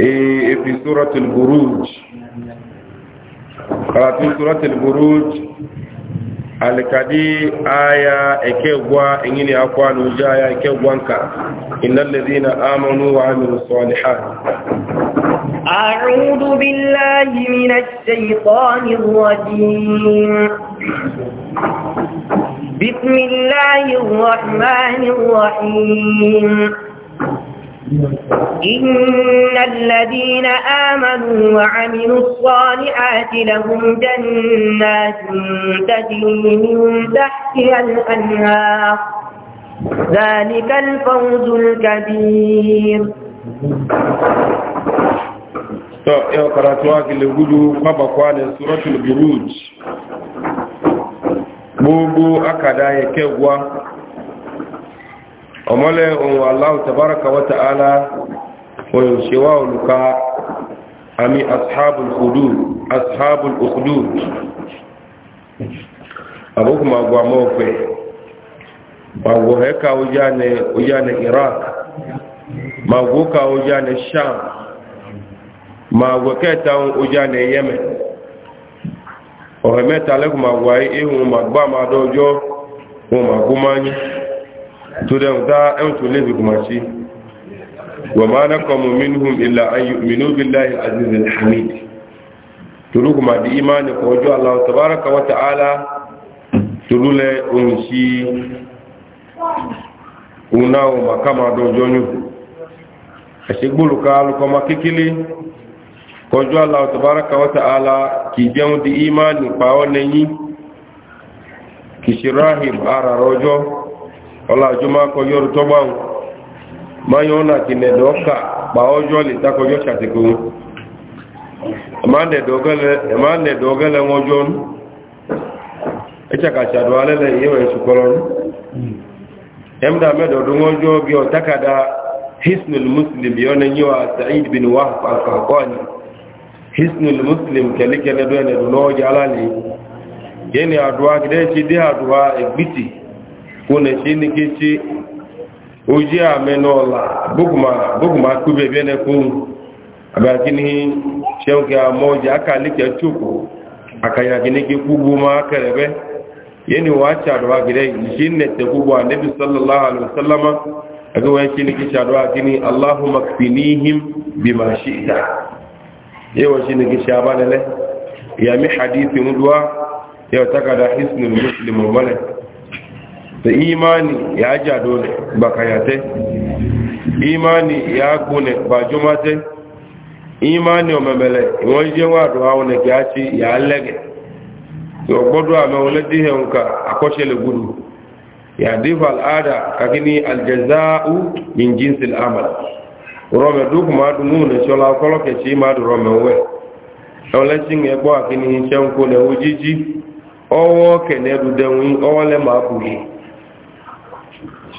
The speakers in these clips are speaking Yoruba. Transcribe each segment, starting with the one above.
إيه، في سورة البروج قال في سورة البروج الكدي آية إكيبوا إنيني أقوى نجايا آية إكيبوا أنك إن الذين آمنوا وعملوا الصالحات أعوذ بالله من الشيطان الرجيم بسم الله الرحمن الرحيم إن الذين آمنوا وعملوا الصالحات لهم جنات تجري من تحتها الأنهار ذلك الفوز الكبير to yau karatu wake le gudu mabakwa ne suratul buruj gbogbo ọmọlẹ ohun aláwọ tabaraka wata ala ohun ṣewa oluka ami ashabul hudud ashabul hudud abokan magwa mawafe magwa heka oya na iraq magwa ka oya na sham magwa kẹta oya na yemen ọ̀hẹ̀mẹ́ta lẹ́kùn magwa ihun magba ma dọ́jọ́ ohun magwa manyi تدعو دا أنت لذك ماشي وما نقم منهم إلا أن يؤمنوا بالله العزيز الحميد تلوك ما دي إيمان قوجو الله تبارك وتعالى تلول أنشي unao makama dojonyu ashigbulu kalu kama kikili kojo allah tabaraka wa taala kijeun di imani paone yin kishirahim ara rojo ọlá àjọmọ́ akọyọ́ rútọ́gbà wọn máa yọ ọ́nà kí nẹ̀dọ̀ ọkà pa ọjọ́ lè takọjọ́ ṣàtìkò wọn ẹ̀má nẹ̀dọ̀ ọgẹ́lẹ̀ wọn jọ ní ẹ̀ṣàkàṣàdọ̀ alẹ́lẹ̀ ìyẹ́wẹ̀ ìṣùkọlọ ní ẹ̀mdà mẹ́dọ̀dọ̀ wọn jọ bí ọ̀tákàdá hisnul muslim yọ́nà yíwa sa'id bin wahab al-qaqqani hisnul muslim kẹlẹ́kẹlẹ́ dọ́ ẹ̀nẹ̀dọ̀ lọ́wọ́ jẹ́ alálẹ̀ yẹ́ni àdúrà gidẹ́ ṣe dé àdúrà ẹgbìtì kone shi ni kici oji amenola buguma buguma kube bene kun abakini shauke amoja aka like chuku akaya gine ki kuguma karebe yeni wacha do gire jinne te kugwa nabi sallallahu alaihi wasallam aga wa shi ni ki shadwa gini allahumma kfinihim bima shi'ta yewa shi ni ki shabana le ya mi hadithi mudwa ya takada hisnul muslimu malaka da imani ya jado ne ba kayate imani ya gune ba jumate imani omemele iwon je wa do awon ne ki ati ya lege to gbodo ame ole di he nka akose le gudu ya dival ada kakini aljazaa'u min jinsil amal rome duk ma du mu ne shola kolo ke chi ma du rome we ole chin e gbo akini chen ko le ojiji owo kene du denwi owo le ma buyi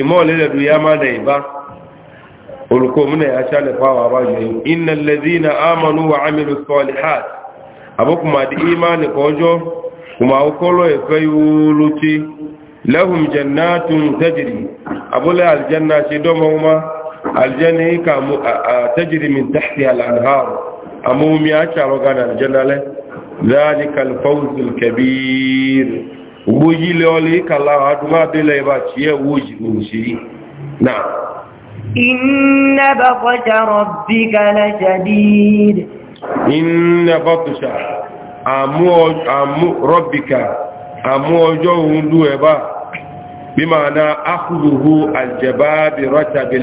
ìmọ̀ lẹ́lẹ̀dù ya máa nà ìbá olùkọ́ múnẹ̀ aṣálẹ̀ fáwà bá jù iná lẹ́dí na ámànú wa amìlú sọ́ọ̀lì hàt abúkùnmà dí ìmáni kọjọ́ kùmà ọkọ́lọ́ ẹ̀fẹ́ ìwúlútí lẹ́hùn jannatun tajiri abúlé aljanna ṣe dọ́mọ́wọ́má aljanna ika aljanna ugbo yile ọla ịkala adụm adịla ebe a chi ewu ojiri ojiri na inna bakwata rabbika la jadid inna bakwata amu rabbika amu ọjọ́ ohun dú ebe a bí ma na akùrùhù aljababi rọ́tàbìl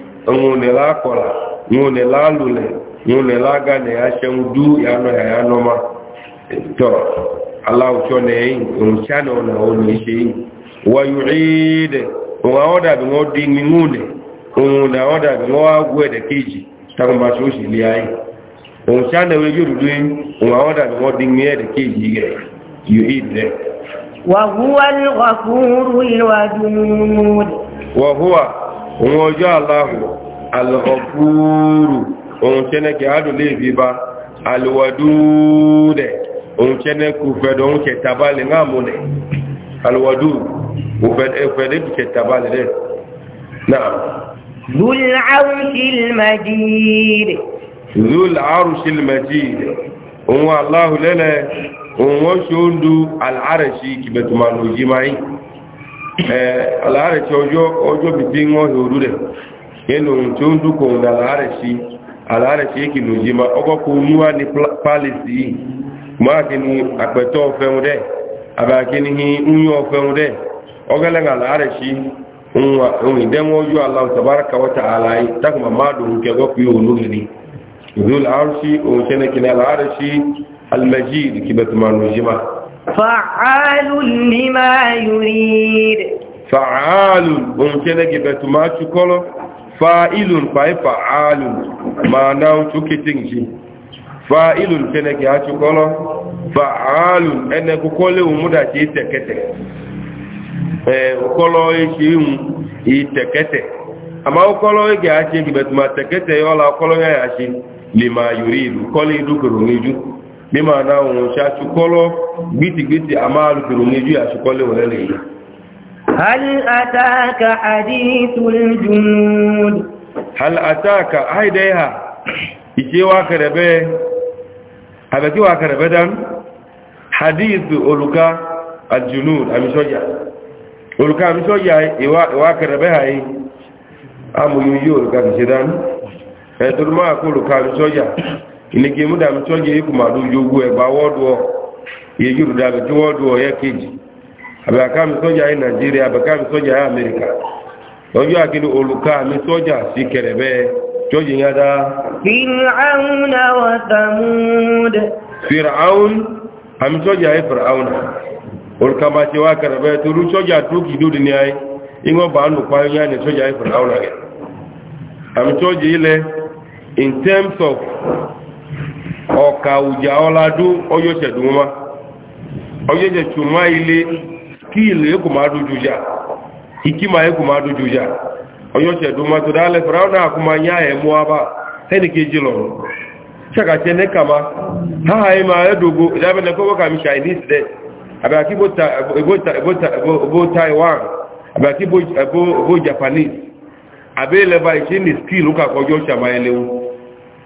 ŋune la kɔla ŋune la lule ŋune la gane asɛŋu du yanɔ ya yanɔ ma tɔ alaw tsɔ ne yi ŋutsa ne wòle wò ne se yi wa yuɣii de ŋun awɔ dabi ŋɔ di ni ŋune ŋune awɔ dabi ŋɔ awɔe de keji takuma so si lia yi ŋutsa ne wo yi dudu yi ŋun awɔ dabi ŋɔ di ŋue de keji yɛ yuɣii de. وهو الغفور الودود وهو òun ọjọ́ aláhùn alọ́fúúrù òun tẹ́nẹ́kẹ́ adùlé ìbíbá alùwàdúúdẹ̀ òun tẹ́nẹ́kù fẹ́dọ̀ òun kẹtàbálẹ̀ ńàmúnẹ̀ alùwàdú òfẹ́dẹ́bù kẹtàbálẹ̀ rẹ̀ náà zul'arushilmajid òun aláhùn lẹ́lẹ̀ òun wọ́n ṣe ń du al'arashi kìbẹ̀tùmọ̀ àlàárẹ̀ tí ọjọ́ bìbí wọ́n yòrú rẹ̀ yẹnu tí ó ń dúkọ̀ ní àlàárẹ̀ sí àlàárẹ̀ sí èkì ló yí ma ọgọ́kọ̀ olúwa ní pálísì yìí máa kí ni àpẹ̀tọ́ ọ̀fẹ́hun rẹ̀ àbákí ni yíyan ọ̀fẹ́hun rẹ̀ ọgẹ́lẹ̀ àlàárẹ̀ sí فعال لما يريد فعال بمكنك بتما تشكله فاعل فعال ما ناو تشكتنجي فاعل كنك يا فعال انك كله ومدا تشكته eh ukolo ishimu itekete ama ukolo ege ache gibetuma tekete yola ukolo ya ashi lima yuridu kole idukuru ngiju mímọ̀ náà wọn ṣe aṣùkọ́lọ́ gbítìgbítì a máa lùfèrò ní ojú aṣùkọ́lẹ̀ wọ̀lẹ́ lè yìí. hal ataka hadithul junud hal ataka haidaiha ice wa karebe abeki wa karebe dan hadithu oluka aljunud ẹ̀tùrùmọ́ àkó oluka amisoja ileke mu dami tí wọn jẹ ikú màdú jogu ẹgbà wọdù ọ yeju rú dami tí wọdù ọ yẹ kejì àbẹ̀ká mi sọ́jà yìí nàìjíríà àbẹ̀ká mi sọ́jà yìí amẹ́ríkà lọ́jọ́ àkínú olùkà mi sọ́jà sí kẹrẹ̀bẹ́ jọ́jì yẹn dá. fir'aun wa samud. fir'aun àmì sọ́jà yìí fir'aun olùkà máa ṣe wá kẹrẹ̀bẹ́ torí sọ́jà dúkì dúdú ni ayé ìwọ̀n bá ń lùpa yẹn ni sọ́jà yìí fir'aun rẹ̀ àmì sọ́jà yìí in terms of ọ̀ka òjà ọ́ládú ọyọ́sẹ̀dùn wọn ọyọ́sẹ̀ tó máa ilé kí ilé kò máa dojú jà ikí máa yẹ kò máa dojú jà ọyọ́sẹ̀dùn máa tó dálẹ̀ fúnra náà kò máa yá ẹ̀mú abá ẹnì kejì lọ́rùn ṣàkàṣẹ ní kàmá háhà yìí máa yẹ dogo ìdábẹ́lẹ̀ kọ́kọ́ kàmí chinese dẹ̀ àbẹ̀ àkíbò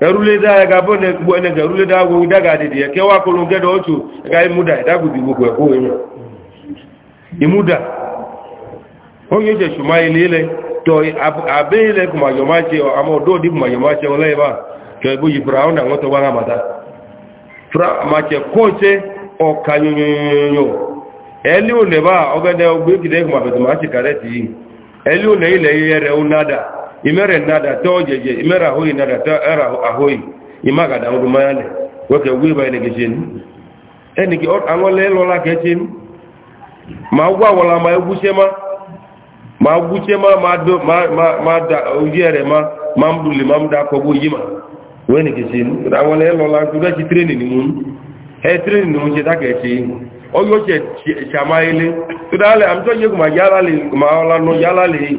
ẹrúlédá ẹgabọ́ ẹnẹgà ẹrúlédá agbó dágàdìdì ẹ̀kẹ́ wá kọlùn gẹ́dọ̀ ọ́tù ẹgá ìmúdà ìdágùdì gbogbo ẹ̀kọ́ ẹ̀yìn ìmúdà oúnjẹ jẹ ṣùmá ilé ilẹ̀ tọ́ abẹ́ ilẹ̀ kùmàyọ̀máṣẹ́ àmọ́ ọ̀dọ́ọ̀dí kùmàyọ̀máṣẹ́ ọlẹ́ẹ̀bá tọ́ ibó yìí fúra ọ̀nà àwọn tọ́gbà rámàdá máṣẹ́ kọ́ọ̀ṣẹ́ ọ̀ka yọnyọnyọnyọ ẹlẹ́ òlẹ̀ bá ọgẹ́dẹ́ ọgbẹ́ kìdẹ́ kùmàbẹ̀tùmáṣẹ́ kàrẹ́ tì í ẹlẹ́ òlẹ̀ ilẹ̀ yẹrẹ ó nádà imere nada to jeje imere ahoyi nada to era ahoyi imaga da ndu mayane woke wiba ene gejeni eni ki angole lola gejeni ma ugwa wala ma eguchema ma guchema ma do ma ma ma ma da ujere ma mamduli mamda ko bujima weni gejeni angole lola tuga ci training mun he training mun je da gejeni oyo je chamaile tudale amto je kuma yala le kuma ola no yala le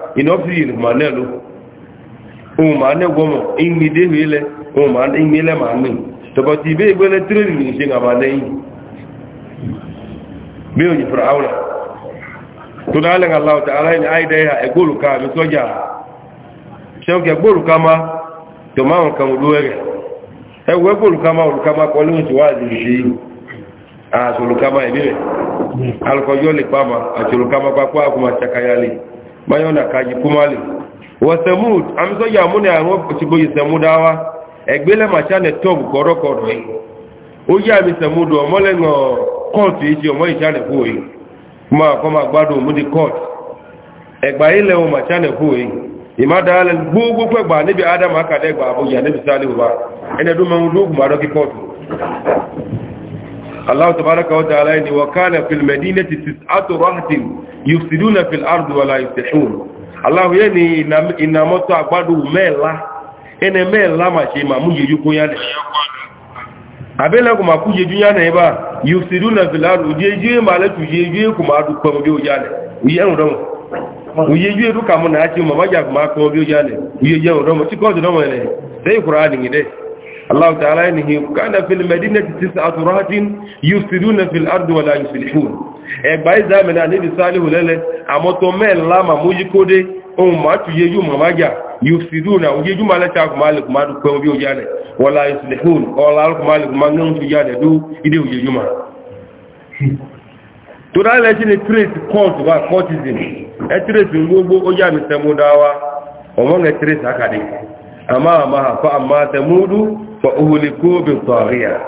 inopsil manelu ohun ma ne gwomo ingi dehu ile ohun ma ingi ile ma mi tọbọtí ibe ìgbélé tírínì ma ṣe gàmà lẹ́yìn bí òyìn fìrà áwùnà tó dálẹ̀ aláwọ̀ta aláìní àìdáyà ẹgbóòlùká àbí sọ́jà ṣẹ́ọ̀kẹ́ gbóòlùká má tó máa ń kàmù lóẹ́ rẹ̀ ẹwọ ẹgbóòlùká má olùká má kọ́ lóhun tí wá mayona kaji kumali wasemud, samud amso ya mune anwo tibo samudawa egbele macha ne tob korokoro yi o ya mi samudu o ngo court yi o mo ija ne fu yi gbadu mu court egba ile o macha ne fu yi imada ale gugu pe gba ni adam aka gba abuja ne bi salihu ba ene du ma ndu gba ki court Allah tabaraka wa ta'ala ni wa kana fil madinati tis'atu rahtin yufsiduna fil ardi wa la yuslihun Allah yani ina, ina moto agbadu mela ene mela ma se ma mu yeju ko ya ne abela ko ma ku yeju ya ne ba yufsiduna fil ardi yeju ma la tu yeju ko ma du ko bi o ya ne uyen ro mo uyeju edu ka mo ti mo ma ja ma ko bi o ya ne uyeju ro mo ti ko do mo ne sei qur'ani ni de Allah ta'ala yanihi kana fil madinati tis'atu rahatin yufsiduna fil ardi wa la yuslihun e gba izamina ni salihu lele amoto mela ma mujikode o ma tuye yu mama ja yufsiduna uje juma la ta malik ma du ko bi o jale wa la yuslihun o la ko malik ma ngam tu jale du ide uje juma to da le jini trace cause ba cortisone e trace ngogbo o ja mi semudawa o mo nge trace akade amma amma fa amma ta mudu fa uhliku bi taghiya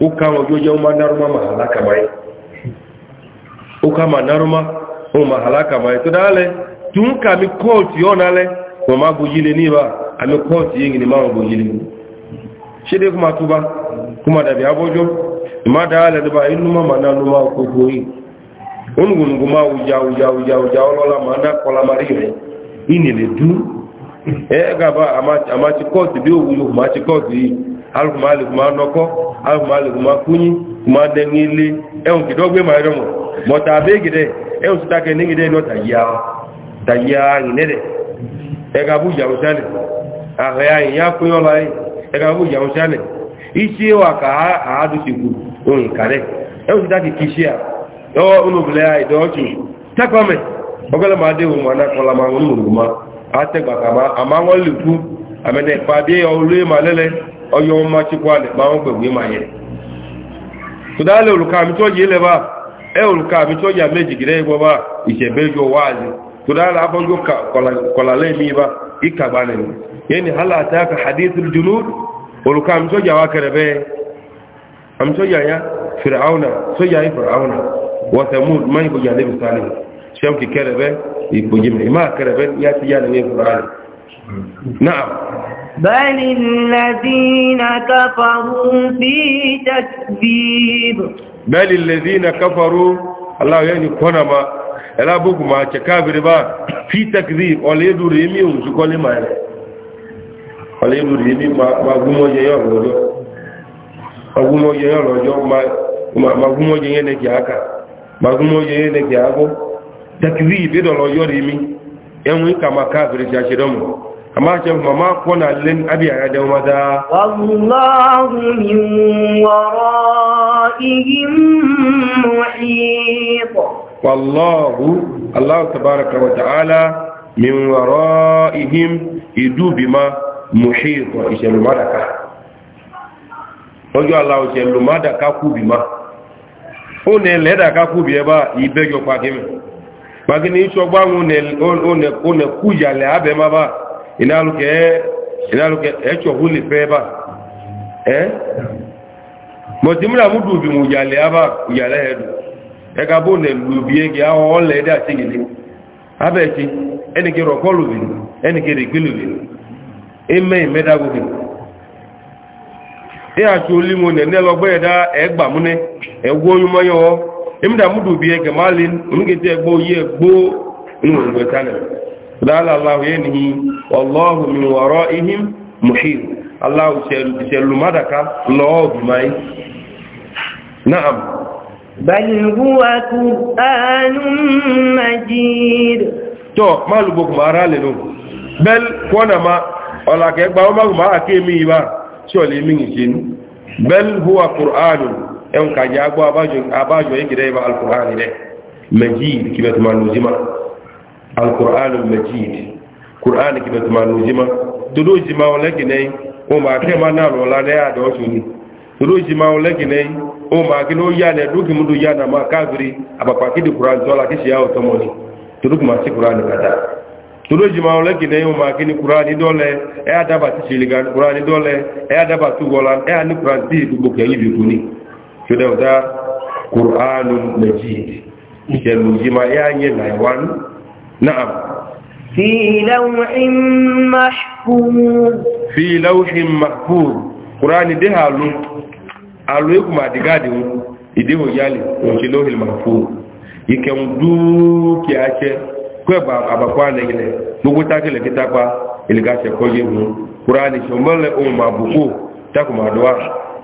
uka wajoje ma naruma ma halaka mai uka ma naruma o ma halaka mai to dale tun ka mi court yona le ko ma bu yile ni ba ami court yin ni ma bu yile shi dai kuma tuba kuma da bi abojo ma da ala da ba ma ma nanu ma ko koyi ongun guma uja uja uja uja olola ma na kola mari re ini le ẹ̀ẹ́gàbá àmàtí kọ́ọ̀tì bí òwú yóò máa ti kọ́ọ̀tì yìí alùpùpù alùpùpù máa nọkọ́ alùpùpù alùpùpù máa kúnyí máa dẹni ilé ẹ̀hùn kìdọ́gbé máa rẹ̀mọ̀ mọ̀tà àbẹ́gìdẹ̀ ẹ̀hùn sí tákẹ́ nígìdẹ̀ ní ọ̀tàyíyá ìnẹ́dẹ̀ ẹ̀gàbú ohun ate kàmá àmà wọn lè kú àmẹnẹ pàdé ọlú èèmà lẹlẹ ọyọ ọmọ chikwu alẹ máa ń gbẹwò èèmà yẹ tòdálẹ olùkà àmì tó yé lẹba ẹ olùkà àmì tó yà méjì gẹrẹ ìgbọ bá ìṣẹbẹ yọ wáàzì tòdálẹ abọjọ kọlàlẹ mi bá ìkàgbà nìyẹn yẹn ni hàlà àtàkà shamki kerebe ipojimne ma kerebe ya ti yana ne qur'ani na'am بل الذين كفروا في تكذيب بل الذين كفروا الله يعني كنا ما ela buku ma che ba fi takdhib ole ma ele ole duru ma ma gumo je ma ma gumo ya aka takzib idolo yori mi enwi kama kafiri ti ashidomu amma ce mama kona len abi ya da maza wallahu min waraihim muhit wallahu allah tabaaraka wa ta'ala min waraihim idu bima muhit ishelu madaka ojo allah ishelu madaka kubima o ne leda kakubi eba ibejo pakeme maka na ịchọ gbanwe abemaba inaluke echohuli feba eh mọ̀tímìnà múdù bí mú ìyàlẹ̀ àbá ìyàlẹ̀ ẹ̀dù ẹka bó nẹ̀ lùbí ẹgbẹ̀ àwọn ọlẹ̀ ẹ̀dẹ́ àti ìgbìlẹ̀ abẹ́ẹ̀kí ẹnìkẹ́ enike bìí ẹnìkẹ́ rẹ̀gbìlù bìí ẹmẹ́ imda mudu biye ga malin unge te gbo ye gbo nu ngwe tane dala allah yanhi wallahu min waraihim muhit allah shelu madaka no gumai na'am bal huwa qur'anun majid to malu bok marale no bel kona ma ola ke gba o ma ma akemi ba so le mi ngin bel huwa qur'anun ẹn ka jẹ abajo abájọ ìgìdẹ́ ibá alkùnrin rẹ̀ majid kìbẹ̀tùmánújímá alkùnrin majid kùnrin kìbẹ̀tùmánújímá dodo jima wọn o dodo jima wọn lẹ́gìnẹ́ o máa kí ló ya nẹ dókì múdò yá na máa káàkiri ni dodo kùnrin sí kùnrin jima wọn lẹ́gìnẹ́ o ma kí ni kùnrin dọ́lẹ̀ ẹ̀ ti ni. tudauta qur'anun majid jalu jima yanye na wan na'am fi lawhin mahfuz fi lawhin mahfuz qur'ani de halu alu kuma digadi ide o yale o ti lawhin mahfuz ike ndu ki ache ko ba abakwa ne gele gugu takele kitapa iliga se koje mu qur'ani shombele umma buku takuma duwa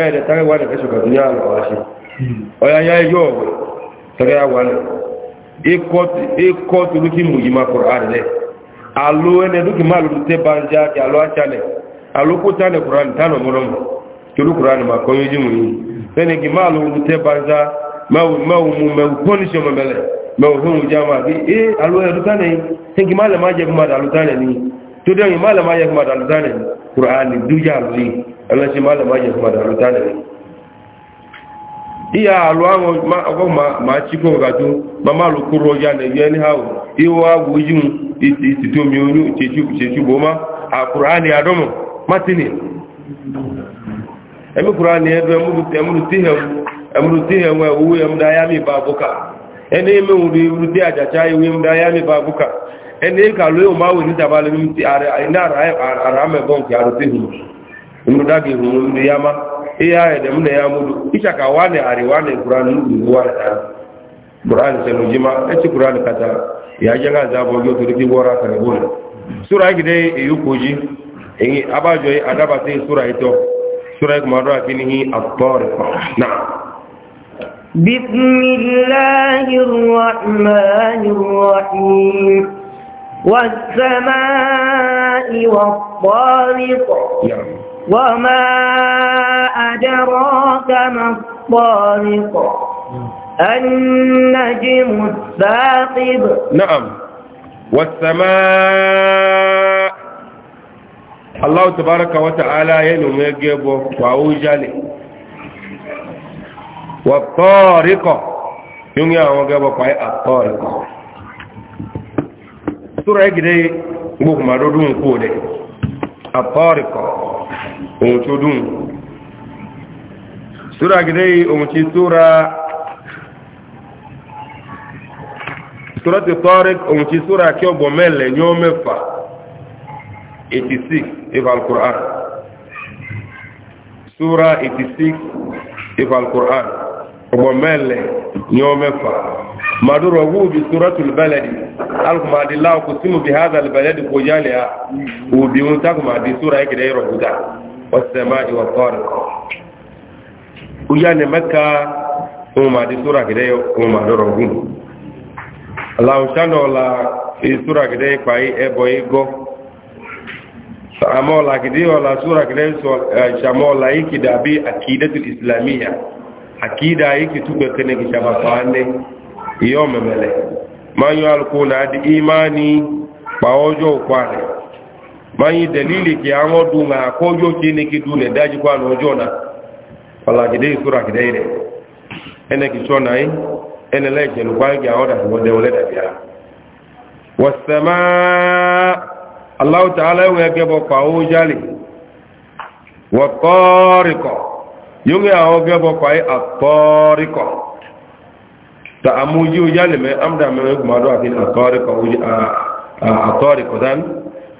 ẹ̀ẹ́dẹ̀ tàbí wà ní ẹ̀ṣùgbà tó yá àwọn ọ̀ṣẹ́ ọ̀yáyá yóò tàbí wà ní ẹkọ́ tó lókí mú yìí máa kọ̀rọ̀ àrẹ̀lẹ̀ aló ẹni lókí máa lókí tẹ́ bá ń já kí aló àṣálẹ̀ alókó tánẹ̀ kùránì tánà mọ́rọ̀mù tó ló kùránì máa kọ́ yóò mú yìí ẹni kí máa lókí tẹ́ bá ń já mẹ́wù mú mẹ́wù pọ́nìṣẹ́ ọmọ mẹ́lẹ̀ mẹ́wù fún ìjà ni kùránì dújà lóyìí ẹlẹ́sí má lè má yẹ fún àdàlù tánẹ̀ wọn ìyá àlọ́ àwọn ọgbọ́n máa tí kó gàdó máa má a kúrò ọjà nẹ̀yẹ ní àwọ̀ ìwọ̀ àwọ̀ ojú ìtìtì omi oyún ìtìtì bó má àkùránì àdọ́mọ̀ mátìnì ẹ̀mí kùránì ẹ̀dọ́ ẹmúrú tí ẹ̀wọ̀n owó ẹmúdá yámi bá búkà ẹni mẹ́wọ̀n rí tí àjàjá ìwé ẹmúdá yámi bá ẹni kàlóyè tàbálẹ̀ ní àrà nnuda gị hụrụ ndị ya ma ihe ahụ edem na ya mụdu ịchaka wane arị wane kuran nudu wane ta kuran senu jima echi kuran kata ya je ngazi abụọ gị otu dị gwọrọ akara bụ na sura gị dị eyu koji eyi abajọ adabata sura ito sura gị mmadụ akị n'ihi atọrị na بسم الله الرحمن الرحيم والسماء والطارق وما أدراك ما الطارق النجم الثاقب نعم والسماء الله تبارك وتعالى ينم يجيب وعوجل والطارق يوم يا وجب الطارق سورة جدي بوك ما قولي الطارق ohun tó dùn sura gidẹ́ ohun tí sura sura ti tọ́rẹ́ ohun tí sura kí ọgbọ̀ mẹ́lẹ̀ yọ́ mẹ́fà 86 ifal quran sura 86 ifal quran ọgbọ̀ mẹ́lẹ̀ yọ́ mẹ́fà maduro wubi suratul baladi alkumadi law kusimu bi hadha albaladi kujaliha ubi untakuma bi sura ikide rubuta والسماء والطارق ويان مكة وما دي سورة كده وما درهم الله شانو لا في سورة كده كاي ابو ايغو فامو لا كده ولا سورة كده شامو لا يكي دابي عقيدة الإسلامية عقيدة يكي تبقى كنك شباباني يوم ملك ما يالكون عد إيماني باوجو قواني mayi dalili ki an wadu nga ko yo ki ne ki dune daji kwa no jona wala ki dai sura ki dai ne ene ki sona yi ene le ke lu kwa ki awada ko de wala da biya was samaa allah ta'ala wa ke bo pa o jali wa tariqa yungi awo ke bo pa a tariqa ta amuji o jali me amda me ko ma do akin a tariqa o a tariqa dan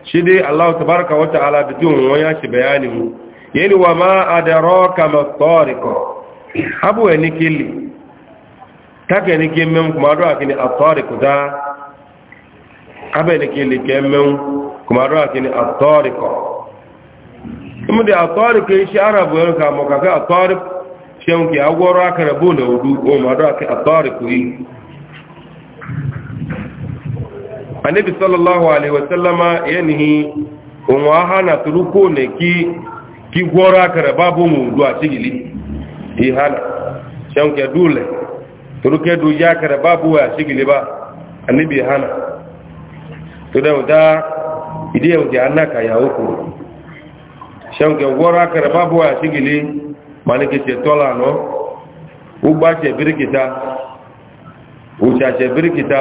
shi dai Allah tabaraka wa ta'ala da jin wani shi bayani mu yani wa ma adraka ma tariq abu ya nikili take nike men kuma do akini at-tariq da abe nikili kemen kuma do akini at-tariq kuma da at-tariq shi arabu ya ka mo ka at-tariq shi on ki agworo akara da wudu o ma do akini at-tariq yi anabi sallallahu alaihi wasallama yanihi onwa hana turuko ne ki ki gwora kare babu mu duwa sigili i hana shan ke dule turuke du ya kare babu wa sigili ba anabi hana to da uta ide yau annaka ya uku shan ke gwora kare babu wa sigili manike ce tola no ugba ce birkita ucha birkita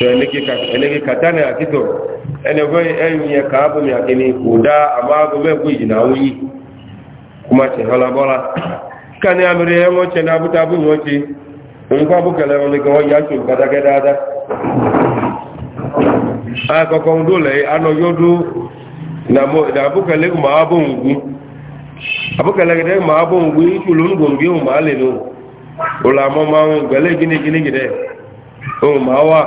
eleke katana ya kito enegwe eyunye ka abụ ya kini ụda ama agụ iji na awụyi kuma chehala bọla ka ni amiri enwe na abụta abụ nwe oche nkwa abụ kele onye ka na ma abụ ngwu abụkele ma abụ ngwu ichulu ngwongwi ma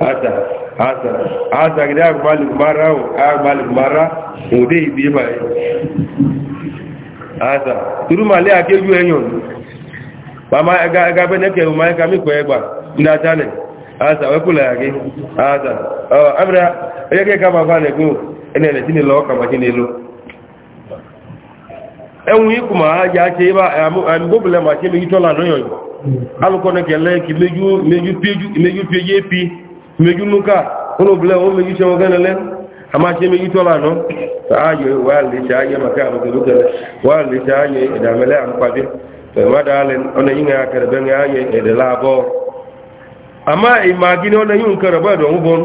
a ata a gidi a a o agbali mara ode ibi oh, eh, ma ye ata turuma le akeju enyon mama ẹga ẹga bẹ nẹkẹ o ma ẹka mi kọ ẹgba nda jalẹ ata wẹkula yage ata ọ amina ẹyẹkẹ kama fa lo ẹwùn yìí kùmà ajá ṣe ṣe méjì tọ́lá megi nuka kono bile o megi chewo gana len ama che megi tola no aye wali chaye maka ba do gele wali chaye da mele am kwabe to madalen ona yinga akare ben aye e de labo ama e magine ona yun kare ba do ubon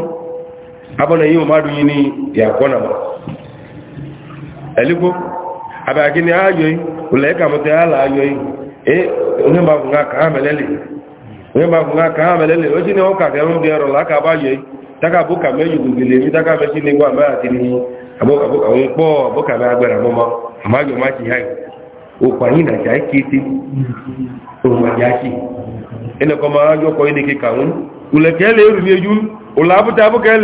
abona yun madu yini ya kona ma eliko e onye ba nga ka onye ma bụ aka ha melele ochi na ụka ga enwe dị ọrụ aka agbaye taka bụ ka meji gugile emi taka mechi na igwe amaghachiri ihe kpọọ bụ ka na agbara amụma amaghị ọmachi cha ikiti omajachi ịnekọma ajọ kọ ịdịke ka nwụ ule e e e ka ele eruri eju ụlọ abụta abụ ka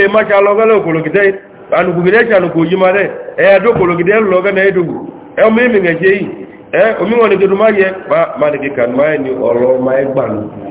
na ya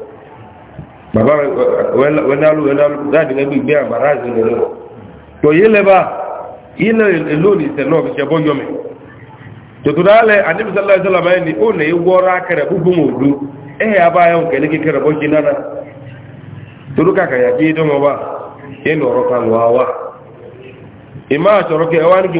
baba wẹnalu wẹnalu láti ẹgbẹ́ gbé àmàrà ìsinmi lọ tó yé lẹ́bà ilẹ̀ lónìí ìsẹ̀lọ́ fi ṣẹbọ́ yọmẹ̀ tòtò dálẹ̀ àdébísọ́lá ìsọ́lá ni ó nà é wọ́ra kẹrẹ gbogbo òdu ẹ̀ abáyọ̀ kẹlẹ́ kékeré bọ́ ṣe náà torí kàkàyà kí é dánwọ́ wa yé ní ọ̀rọ̀ kan wá wa ìmá àtọ̀rọ̀ kẹ wá ní kí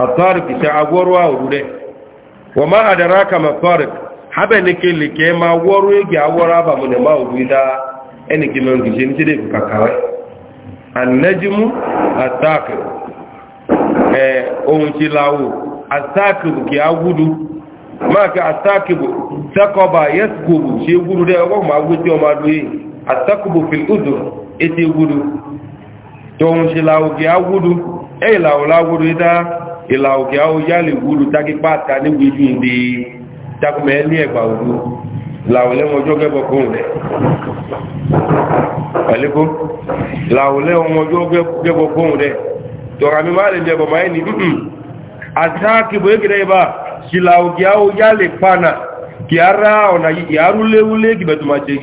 الطارق تعور واورده وما أدراك ما الطارق حبنك اللي كما ورويك أورا بمن ما وبيدا إنك من كجين بكاكاوي النجم a gudu maka asakibu takoba yasgubu ṣe gudu dẹ ọgbọ́n ma gudu ọmọ adúyé asakibu fil udu bụ gudu tohun ti lawo ki a gudu ìlà òkè àwọn yálè wúlù tákí pàtà níbi ìlú ìdí takùmẹ́ ní ẹ̀gbà òdú làwọ̀lẹ́ ọjọ́ gẹ́bọ̀ fún rẹ̀ pẹ̀lẹ́kó làwọ̀lẹ́ ọjọ́ gẹ́bọ̀ fún rẹ̀ tọ́ra mi máa lè jẹ́ bọ̀ máa ní ǹkan àtàkìbò ìkìdẹ̀ ìbá ìlà òkè àwọn yálè pànà kì á rá ọ̀nà yìí àrú léwúlé gìbẹ̀tùmàṣẹ́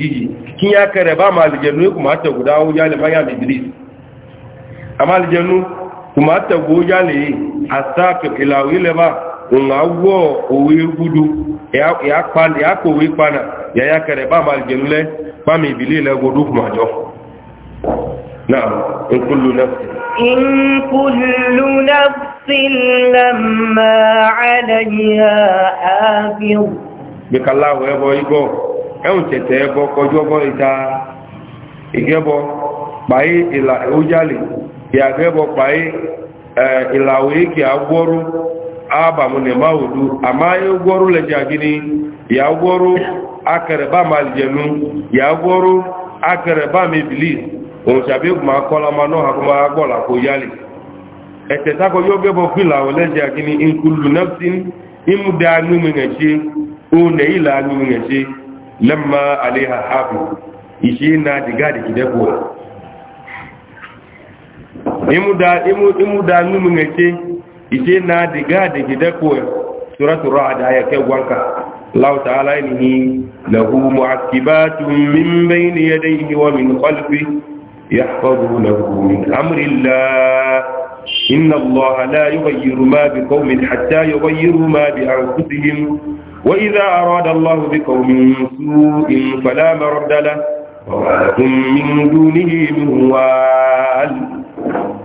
kí á kẹrẹ̀ bá máa lè jẹ́nu ẹkùn máa tẹ̀gùdá àwọn yálè máyàmì ìdírí àmà lè jẹ́nu kuma ta goja le asaa ilawi le ba nga owe gudu ya ya ya pana ya ya kere ba mal jenule ba mi bili le gudu kuma jo na'am in kullu nafsin in kullu nafsin lamma 'alayha bi kallahu ebo yàgẹ́bọ̀ pàáyé ìlàwò ikì agbọ́rú ábàmùnì máa òdú àmá ẹgbọ́rú lẹ́jà gíní yàgbọ́rú akẹrẹbá màlìjẹ̀nú yàgbọ́rú akẹrẹbá mẹ́bìlì òun sàbíkùn máa kọ́lá máa náà le agbọ́là kó yálì ẹ̀tẹ̀ tako yóò gẹ́bọ̀ fìlàwò lẹ́jà gíní nkùlù nẹ́fṣin ìmúdá anúmìnẹ̀ṣe òun nẹ̀ ìlà imuda numu ngece ite na diga da gidakuwa suratul ra'd aya ke gwanka Allah ta'ala inhi lahu mu'aqibatun min bayni yadayhi wa min khalfihi yahfazunahu min amri Allah إن الله لا يغير ما بقوم حتى يغيروا ما بأنفسهم وإذا أراد الله بقوم سوء فلا مرد له وما لكم من دونه من وال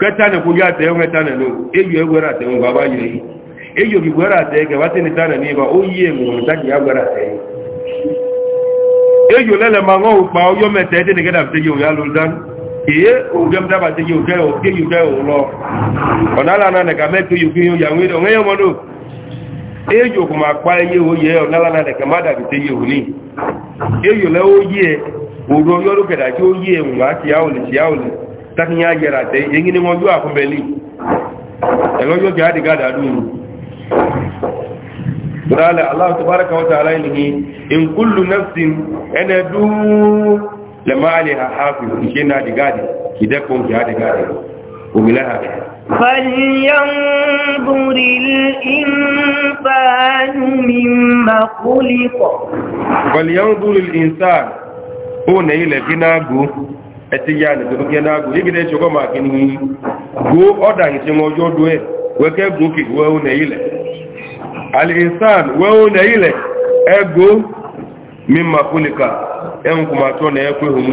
kẹtànà kò rí àtẹ̀wọ̀n kẹtànà ló èyí ẹgbẹ̀rẹ̀ àtẹ̀wọ̀n bàbá yìí èyí ògbẹ̀rẹ̀ àtẹ̀ kẹwàá tí ní tànà ní ibà ó yí ẹ̀wọ̀n tàbí agbára àtẹ̀ èyí lẹ́lẹ̀ máa wọ́n pa ọyọ́ mẹ́tẹ̀ tí nìkẹ́dà fi tẹ́yẹ òyà lóòdá èyí òjẹ́mdába tẹ́yẹ òkẹ́ òkẹ́ òun lọ ọ̀nà alànà nẹ̀ka mẹ́tẹ̀ yòókù yóò yà wíńdọ̀ ọ̀hẹ́yẹ wọn lò èyí òkú máa pa ẹyẹ òyẹ ọ̀nà alànà nẹ̀ka má dàbí lẹ́wọ́ yí ẹ òru ọyọ́ lókẹ̀dà tí ó yí ẹ̀ wùn á ti á òlè ti takin ya yẹra tẹ yẹngi ni wọn yóò àkúnbẹ̀lì ẹlọ́yọ́ jẹ́ àdìgádà lóòrùn tọ́lálẹ̀ aláwọ̀ tó bára kawọ́ta aláìní in kúlù nafsin ẹnẹ dúú lẹ máa lè hafi ìṣe na àdìgádì ìdẹ́kùn jẹ́ àdìgádì òmìnira rẹ̀ فلينظر الإنسان مما خلق فلينظر الإنسان هو نيلة جناقه ẹtí ya nìtò kí ẹnà agùn yígidẹ́ ṣe ọkọ̀ máa kí ní gbó ọ́dà ìṣẹ́ wọn ọjọ́ ọdún ẹ̀ wẹ́kẹ́ gòkè wẹ́hún nẹ̀yìnlẹ̀ alìsàn wẹ́hún nẹ̀yìnlẹ̀ ẹgbó mímà fúnìkà ẹnkùnmàtọ́ na ẹkùn ìhùn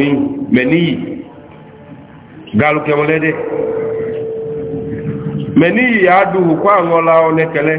yìí mẹ́níyì galùkẹ̀wọ̀n lẹ́dẹ̀ mẹ́níyì yàádùn kó àwọn ọlá ọ̀nẹ́kẹ̀lẹ́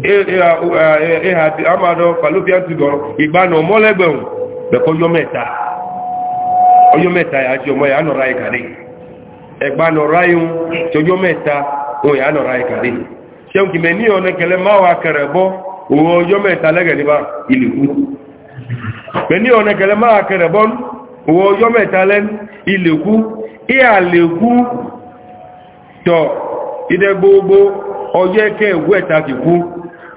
amado amadọ ti gọ̀rọ̀ ìgbàna ọmọlẹ́gbẹ̀rún bẹ̀kọ́ ọjọ́ mẹta ọyọ mẹta yà ọmọ yà nọ̀ra ìkàdé ẹgbàna ráyún tí ọjọ́ mẹ́ta wọn yà nọ̀ra ìkàdé ṣeun ní ọ̀nà òun nípa ní ọ̀nà òun tọ ìdẹ gbogbo ìwú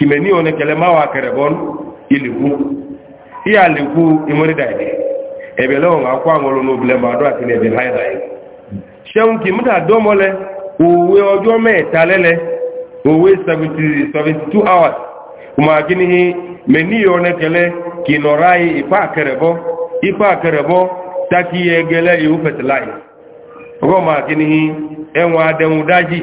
kimeni one kele mawa kere bon iliku iya liku imori daide ebe lo nga kwa ngolo no blema do ati ne bin haida yi sheun ki muda do mole owe ojo meta lele owe 70 72 hours kuma gini hi meni one kele kinorai ipa kerebo ipa kerebo taki egele iwu fertilize ogo ma gini hi enwa adenwu daji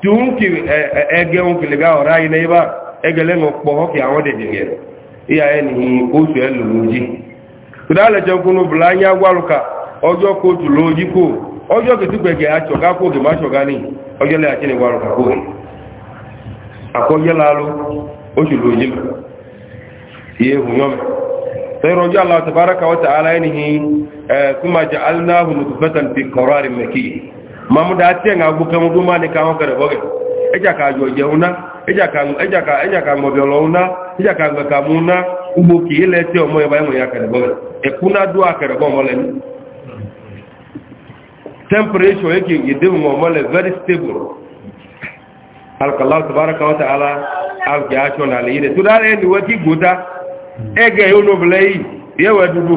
tí ó ń kiri ẹgẹ́ ń kiri gáwọ̀ ráyí náà ibá ẹgẹ́lẹ́ ń pọ̀ hókè àwọn dẹ̀dẹ̀gẹ̀ ìyá ẹni oṣù ẹlòmójì tìdálẹ̀jẹ́ kúnnú bùláyá gbárùkà ọjọ́ kóòtù lóòjì kò ọjọ́ kìtùgbẹ̀gẹ̀ àṣọ̀gá kò gẹ̀ máṣọ̀gá ní ọjọ́lẹ̀ mamuda ati nga gbo kan du mani ka kare boge eja ka jo je una eja ka eja ka eja ka mo biolo eja ka gbe ka muna ki ile ti omo e ya boge e kuna du akare bo mo le temperature yake gide mo mo le very stable wa ta'ala al ege yo no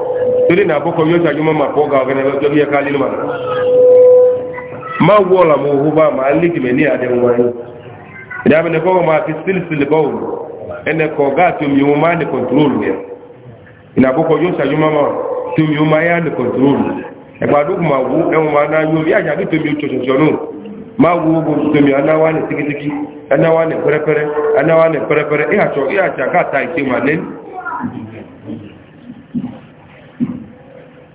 torí nà àbọ́kọ yóò ṣàjúmọ́ máa pọ́ ga ọ̀gẹ́nà lọ́jọ́ bí ẹka lílọ́ máa máa wọ́ ọ̀là mọ́ owó bá máa lè jìmẹ̀ ní àdẹ̀wò wáyé ìdábẹ̀nẹ̀ kọ́kọ́ máa fi sílìsìlì bọ́ọ̀lù ẹnẹ kọ̀ gáàtì omi wọn máa ní kọ̀ntúrólù yẹn ìnà àbọ́kọ yóò ṣàjúmọ́ máa tí omi wọn máa yá ní kọ̀ntúrólù ẹgbàdógún máa wú ẹwọn máa náà yóò bí àjà bí tòmí oṣooṣọ náà máa wú ogun tòmí anáwá ní tíkítíkí anáwá ní pẹ́rẹ́pẹ́rẹ́ anáwá ní pẹ́rẹ́pẹ́rẹ́ ìhàṣọ ìhàṣà káàtà ìṣe màlẹ́ni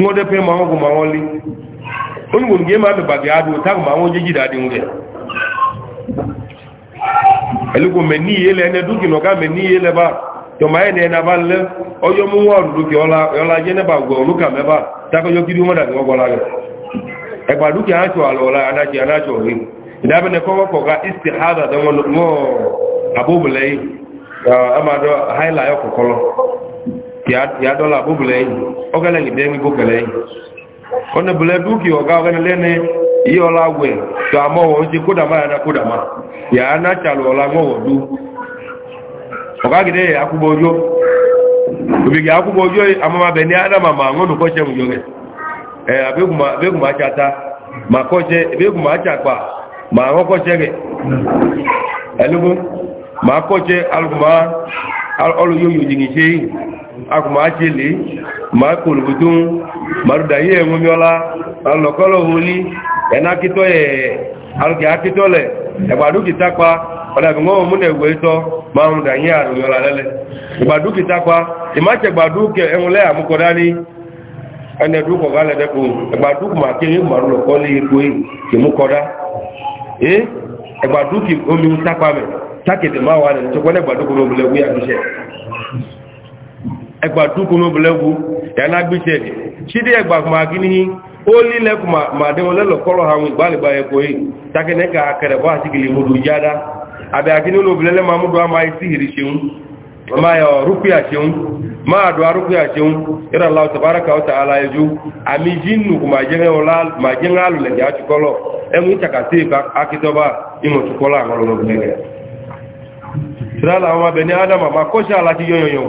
ngode pe ma ngo ma li. oni won ge ma be bagi adu ta ma won jeji dadi nge elu ko me ni ele ne duki no ga me ni ele ba to ma ene na ba le oyo mu wa duki ola je ne ba go lu ka me ba ta ko yo kidi da go gola ge e ba duki a to ala ola ana ji ana to ri da be ne ya dola bu bulai o gele ni demi bu gele ona bule du ki o ga gele lene iyo la we to amo o ji kuda ma na kuda ma ya na chalo la ngo o du o ga gide akubo ojo o bi ga akubo ojo ama ma be ni ada ma ma ngo du ko che mu yo ge eh abegu ma abegu ma chata ma ko je abegu ma chapa ma ngo ko che ge elugo ma ko che aluguma olu yo yo jingi che akùnmọ̀ ajẹ́lẹ̀ máa kò lùkù tó ń marùdà yí ẹ̀wọ̀n miọ́lá alọ́kọ́lọ̀ wọlé ẹ̀nà akítọ́ ẹ̀ alùkẹ́ akítọ́ lẹ̀ ẹ̀gbàdókítà pa ọ̀dàbìwọ̀n múnẹ̀ ìwẹ̀ tọ́ máa ń dà yí àrùn yọ́la lẹ́lẹ̀ ìgbàdókítà pa ìmáṣẹ̀gbàdókẹ̀ ẹ̀wọ̀n lẹ́ àmúkọ̀dá ní ẹni ẹdun kọ̀ọ̀gá lẹ́dẹ́kọ̀ ẹgbàdúkù máa kéré màrún lọ́kọ́ lé epo kèmú wà lẹ́nu tó gbọ́dọ̀ ẹgbàdúkù ẹgbà dúkùn ló bẹ̀lẹ́gbù yàná gbíṣẹ́ ẹ̀ ṣídí ẹgbà kùmà gíní ó lílẹ̀ kùmà màdéwọn lẹ́lọ kọ́rọ̀ àwọn ìgbàlẹ̀gbà ẹ̀kọ́ yìí tákẹ́nẹ́kà kẹrẹ̀bọ́ àti gìlì mọ́dù yáda àbẹ̀ àgíní ló bẹ̀lẹ́lẹ́ máa múdù àmà ìsìhìrì ṣeun máa yọ rúkúyà ṣeun máa dùn arúkúyà ṣeun yẹ́rọ aláwọ̀ tàbárakà ọ̀tà aláyẹjú àmì jínnù kùmà jẹ́ àlùlẹ̀jẹ̀ àtúkọ́lọ̀ ẹ̀mú ìtàkàtì akitọ́ba ìmọ̀ àwọn abẹni ádámà máa kọ́ṣẹ́ aláti yọ̀yọ̀yọ̀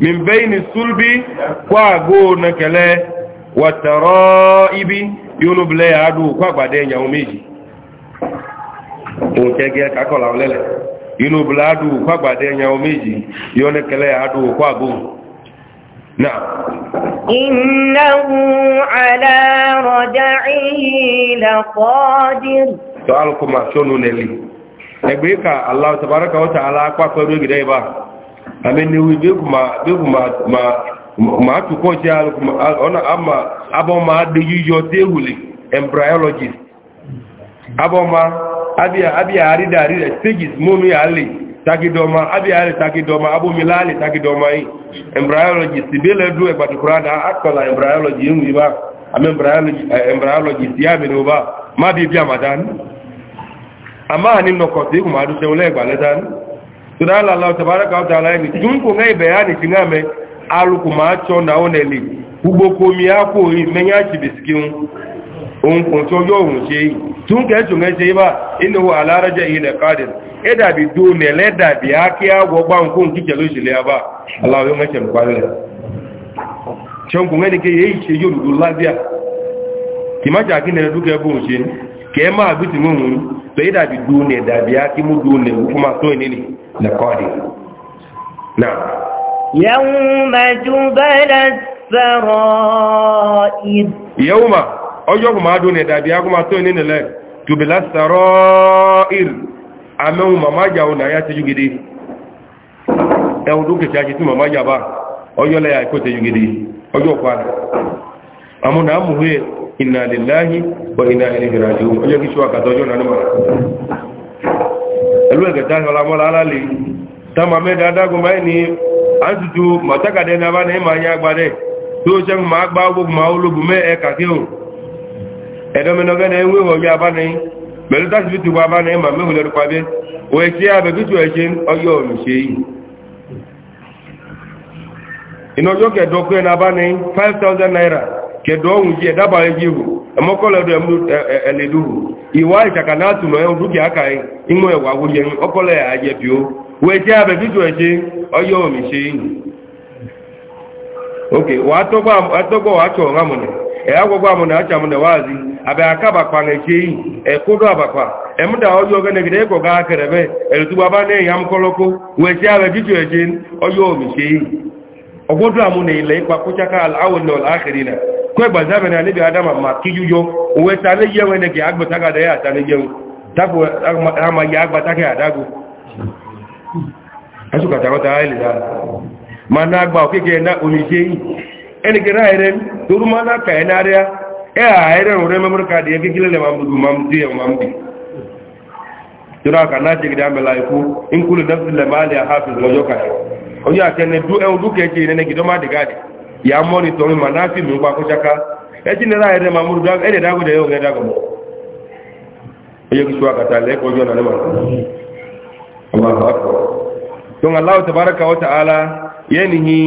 min bayni sulbi kwa go na kele wa taraibi yunu bile adu kwa gbade nyawo meji o tege kakola olele yunu bile adu kwa gbade nyawo meji yone kele adu kwa go na innahu ala raj'ihi laqadir to alkuma shonu neli egbe ka allah tabaaraka wa ta'ala kwa kwa ru gidai ba Ame ameniwi bekuma bekuma ma ma tukọ ti ona ama abo ma adi yíyọ déhùlì embryologist abo ma abia abia arida arida stages múnú yà lè takidọma abia arida takidọma abomila alì takidọma yìí embryologist bílẹ̀ dú ẹgbàtukura na akọla embryology ń wíwá àmì embryologist yà mí ni wọ́n bá má bí bí àmàdá ní àmáhà ní nọkọ̀ sí ìkùnmọ̀ adúṣẹ́ wọlé ẹgbàlẹ́ta ní tuna ala Allah tabaraka wa ta'ala ni tun ko ngai bayani tingame alu kuma cho na oneli ugbo komi ako yi menya chi biskiun on ko to yo un se tun ke tun ngai se ba innahu ala raja'i la qadir eda bi du ne le da bi aki agwo gba nko nki je lo jile aba yo le chon ko ngai ke yi se yo du labia kimaja kine du ke bu se ke ma bi ti mu mu to eda bi du ne da bi aki du ne لقادر نعم يوم تبلى السرائر يوم ọjọ́ kò máa dóni ẹ̀dàbí agbọ́mà tó ní a tùbìlá sàrọ́ ìr àmẹ́hùn màmá yàwó náà yá tẹ́jú gidi ẹ̀hùn tó kẹ̀kẹ́ àti tí màmá yàbá ọjọ́ lẹ́yà gidi ọjọ́ kwàdà àmúnà ámùhú ìnàlélàáhí bọ̀ ìnàlélàáhí ẹlú ẹ̀gẹ̀ta yọ lamọ́lá alálè tàmà mẹ́ta adágún máa àtútù màtàkàdé náà bá ní ìmọ̀ ayé agbádẹ́ tó ma gbá ogun ma ológun mẹ́ ẹ̀ka kí o ẹ̀dọ́mẹ́nọ́gẹ́nà ewé ọ̀yẹ́ abáni pẹ̀lú tásìbìtì wa abáni ma mẹ́wùlẹ̀ e e e naira ji ji mọ́kọ́lẹ̀ ẹ̀lẹ́dùrù ìwà ìṣàkànà àtùmọ̀ ẹ̀hùn dúkìá kàí inú ẹ̀wà wúyẹ ọkọ́lẹ̀ àjẹ́bí ó wẹ́ jẹ́ abẹ̀bíjọ ẹ̀ṣẹ́ ọyọ́ omi ṣe ìlú ok wà tọ́gbọ̀ àtọ̀ rámùnẹ̀ ẹ̀ agbọ́gbọ́ àmùnẹ̀ wa wáàzí àbẹ̀ àkàbàpà ẹ̀ṣẹ́ yìí ẹ̀kọ́dọ̀ àbàpà ẹ̀múdà ọjọ́ gẹ́nẹ̀gẹ́dẹ́ ẹ̀kọ̀gá akẹrẹ̀ bẹ́ náà kwe gbazabe na anibi adama ma kijujo uwe tane yewe ne ki agbata ga da ya tane yewe tabu ama ya agbata ke adagu asu ka tawo ta ile da mana agba okeke na onise yi eni ke ra ere toru mana ka e a ere ore memur ka de ke kilele mamdu mamdi e mamdi tura ka na jigi da mala iku in kullu kene du e du ke ji ya mọ́nitọ́ mi ma náà fi mi pa kọ́ṣáká ẹjí nira ẹ̀rẹ́ ma múrù ẹ̀rẹ́ dágbẹ̀dẹ̀ yóò rẹ̀ dágbẹ̀mọ́ oye kí ṣúwà kàtà lẹ́kọ̀ọ́ jọ nàlẹ́mà Allahu akbar don Allah tabaraka wa ta'ala yanihi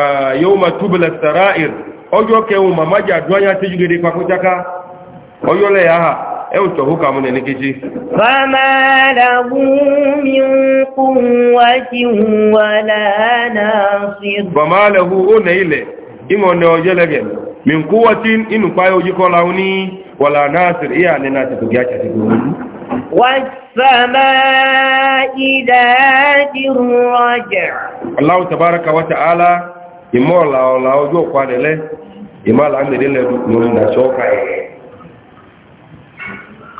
ah, yawma tubla sarair ojo kewu mamaja duanya tejugede pa kọ́ṣáká oyo le ya ẹ̀wùtọ̀ húkà mú nẹni kéjì. Fọ́mà làwú mi ń kún wá kí wà lánàá inú páyé ojú kọ́ ní wà lánàá sí ìyá nínú àti tòkí àti àti gbogbo. والسماء ذات الرجع الله تبارك وتعالى يمول الله الله يوقع له يمال عمل له نور نشوكه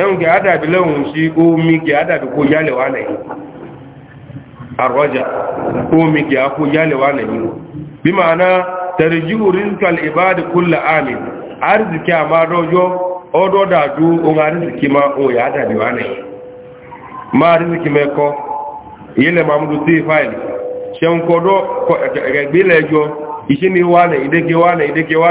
ẹ̀hùn kì ádàbí lẹ́hùn sí omi kì ádàbí kó yálẹ̀ wà nẹ̀yìn àrọ́jà omi kì á kó yálẹ̀ wà nẹ̀yìn bí máa ná tẹ̀rẹ̀jú orísìkàl ìbáàdì kúlẹ̀ àmì àrísìkì àmàdọ́jọ́ ọdọ́dàdú ohun àrísìkì máa ohun yà ádàbí wà nẹ̀yìn máa àrísìkì mẹ́kọ́ ìyẹ́lẹ̀ mamudu tí fáìlì ṣẹun kọ́dọ́ ẹgbẹ́lẹ́jọ́ iṣẹ́ ni wà nẹ̀ ìdẹ́gẹ wà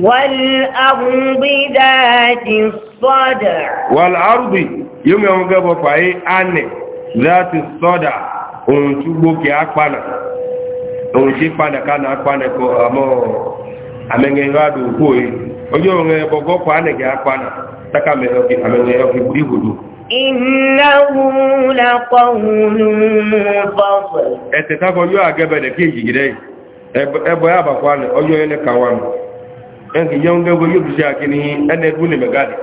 والأرض يوم يوم قبل فأي أن ذات الصدع ojo nge kwa ne ga kwana taka me oki amenge oki budi hudu innahu laqawlun fasl eteta ko yo agebe de keji gide ebo ya ojo ẹnkì yẹn ń gẹ́gbẹ́ yóò ṣe àkíní ẹnẹ ẹgbẹ́ ní mẹ́gáàdì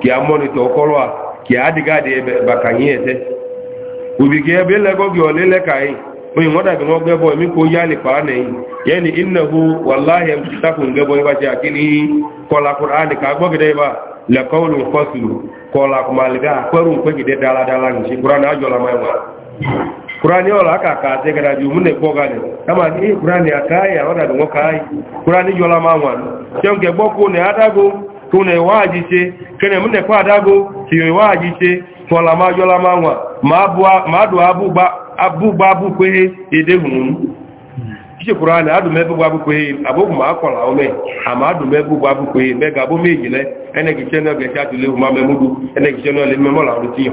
kì á mọ́nìtọ̀ ọkọ́rọ́ à kì á dìgáàdì bàkà yín ẹ̀tẹ́ òbíkì ẹbí lẹ́gọ́gì ọ̀lẹ́ lẹ́ka yìí oyin wọ́n dàbí wọ́n gẹ́bọ̀ èmi kò yá lè pàá nẹ̀yìn yẹn ni inahu wàláhẹ̀ takùn gẹ́bọ̀ yóò ṣe àkíní go kùránì ká gbọ́gìdẹ́ ibà lẹ́kọ́ọ̀lù fọ́sùlù kọlá kùmàlìdá pẹ́rù pẹ́gìdẹ́ dáradára nìṣe kùránì ájọ́lá máa wà kurani ọla aka ka ate gara ju mu na-ekpo ga ni kama ni kurani aka ya ọ dàbí nwoke anyị kurani jọla ma nwa ṣe nke gbọkwu na adago tó na iwa aji ṣe kene mu na-ekpo adago ti iwa aji ṣe tọla ma jọla ma nwa ma adụ abụgba abụkwehe edehunu ṣe kurani adụ mebụgba abụkwehe abụghị ma akwọla ome ama adụ mebụgba abụkwehe mega abụ mejile enegichenel gecha tụle ma memudu enegichenel mmemọla ọrụ tiyo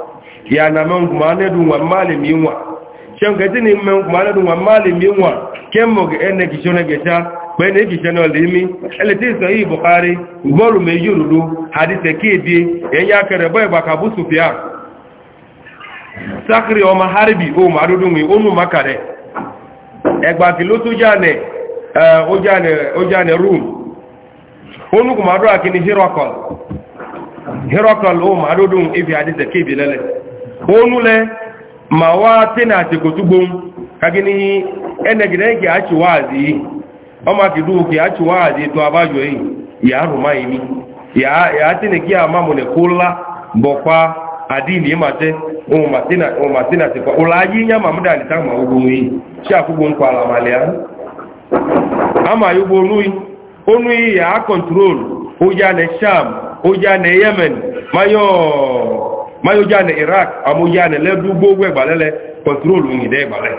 ya na me nguma ne du wa male wa chen ga tin me nguma ne du wa male wa ken mo ene ki ta pe ne ki ele so yi bukhari gbolu me ke bi en ya kere boy ba ka busu sufyan sakri o ma harbi o ma dudu mi o mu makare egba ki lo jane eh ibi lele le ma wa tena atekotugbo kagini enegide ki achi waazi ọma kidu ki achi waazi to abajo yi ya ruma imi ya ya tene ki ama mo ne kula bokwa adini mate o matina o matina te kwa ulaji nya mamuda ni tama ugun yi chi akugo nkwa la malia ama yugo nui onu yi ya control o ja ne sham o ja ne yemen mayo mayo jane iraq amo jane le du gbogbo egbale le control yin de egbale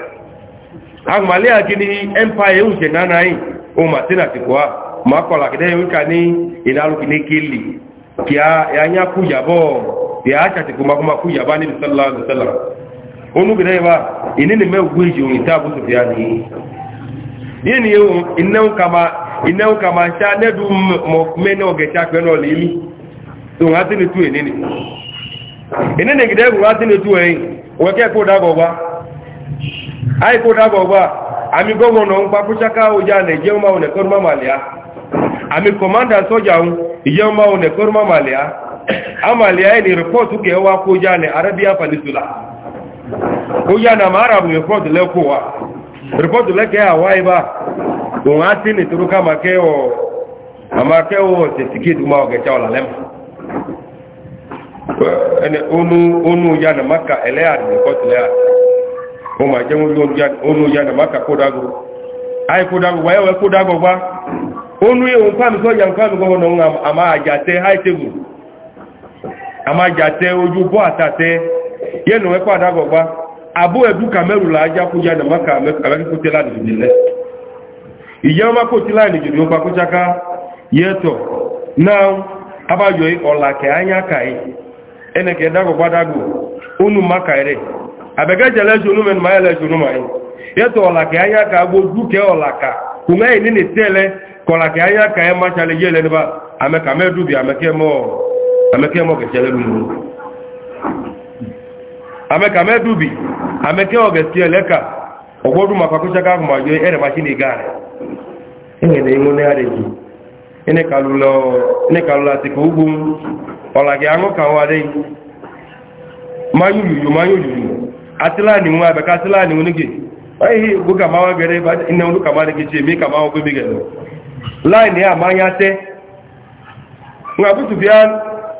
agmale akini empire un se nana yin o ma tina ti ko ma ko la kede yin ka ni inalu kini kili ki a ya nya ku jabo ya acha ti kuma kuma ku jaba ni sallallahu alaihi wasallam onu gede ba ni me gweji un ta bu sufyani yini yo inna kama kama sha ne du mo me no ge cha pe no le mi to ngati ni tu ni ni ene ni gide gwa tinu tu eyin eh. oh, we eh. ke ko da gogba ai ko da gogba ami gogo no npa puchaka o ja ne ma o ne ko ma malia ami commander soja un je ma o ne ko ma ni report ke wa ko arabia peninsula ko ja mara bu report le ko wa report le ke ah, ni turuka make o amake o certificate onu ya na maka ẹlẹ́yà na kọ́tù lẹ́yà o onu ya na maka kódágo ayé kódágo wáyé wẹ́ kódágo gbá onu yẹ òun nkwa sọ́jà pàmì gọ́gọ́nà ohun àmà àjàtẹ́ high table àmà àjàtẹ́ ya na maka amẹ́kíkútẹ́ láti jìlẹ̀ ìyá má ene ke gbadago unu maka ere abege jele junu men maele junu mai yeto ola ke anya ka gbo duke ola ka kuma ni ni tele kola ke anya ka e macha le jele ba ame ka me dubi ame ke mo ame ke mo ke jele lu ame ka me dubi ame ke o ke tele ka ogbodu maka ko chaka ma yo ere machine igare ene ne ngone are ji ịnekalụla tịka ugwu ọla gị aṅụ ka nwa dịghị mmanya ururu anyị gị ihe ka mawa gere nne nru ka mmadụ gị ji eme ka mawa gbebi gere laịnị ya manya te nwa bụtụ bịa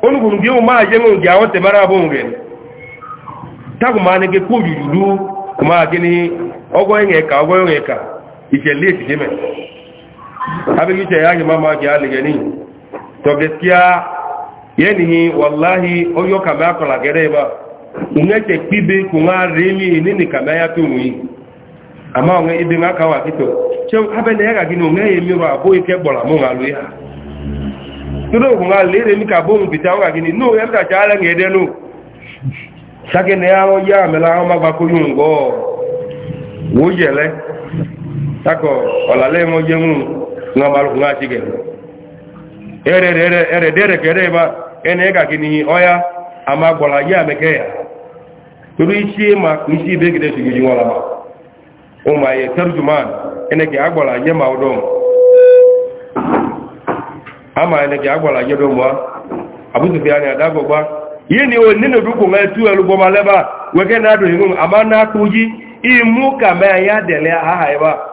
onugwu gị ụmụ maaji enwe gị ahụ temara abụ nwere tagụmanị gị kwụ ururu kuma gịnị ọgwọ enwe ka ọgwọ enwe ka abin ce ya yi mamaki ya ligani to gaskiya yanihi wallahi oyo kama akola gere ba unge ke kibe kunga remi nini kama ya tumu yi ama unge ibe nga kawa kito che habe ne yaga gini unge yemi ba bo ike bola mo nga lu ya tudo kunga lere mi ka bo mu bita nga gini no yamda cha ala ngede no sake ne ya o ya mela ma gba ko yungo wo yele tako olale mo jemu ŋa malu ŋa ti gɛ ɛrɛ ba ɛnɛ ka kini ama gbɔla ya ame ya tobi isi ma isi ibe gị sigi yi wala ma o ma ye tɛrjuman ɛnɛ kɛ ma ụdọm ama eneke kɛ agbɔla etu elu ma n'a do ama n'a tu ịmụ imu kamɛ ya dele aha ebe a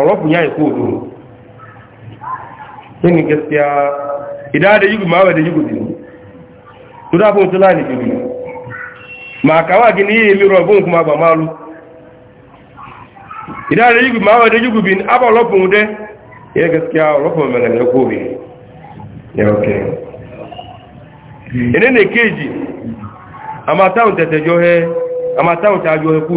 ọlọ́pù yá ìkó òdò yẹni gaskiya idan da yugu ma wadda yugu dinu to da fun tulani dinu ma kawa gini yi mi robin kuma ba malu idan da yugu ma wadda yugu bin aba ọlọ́pù dẹ yẹ gaskiya ọlọ́pù mẹ́rin ẹkọ́ bi ya oke ene ne keji a ma taun tẹtẹjọ he a ma taun tajọ he kú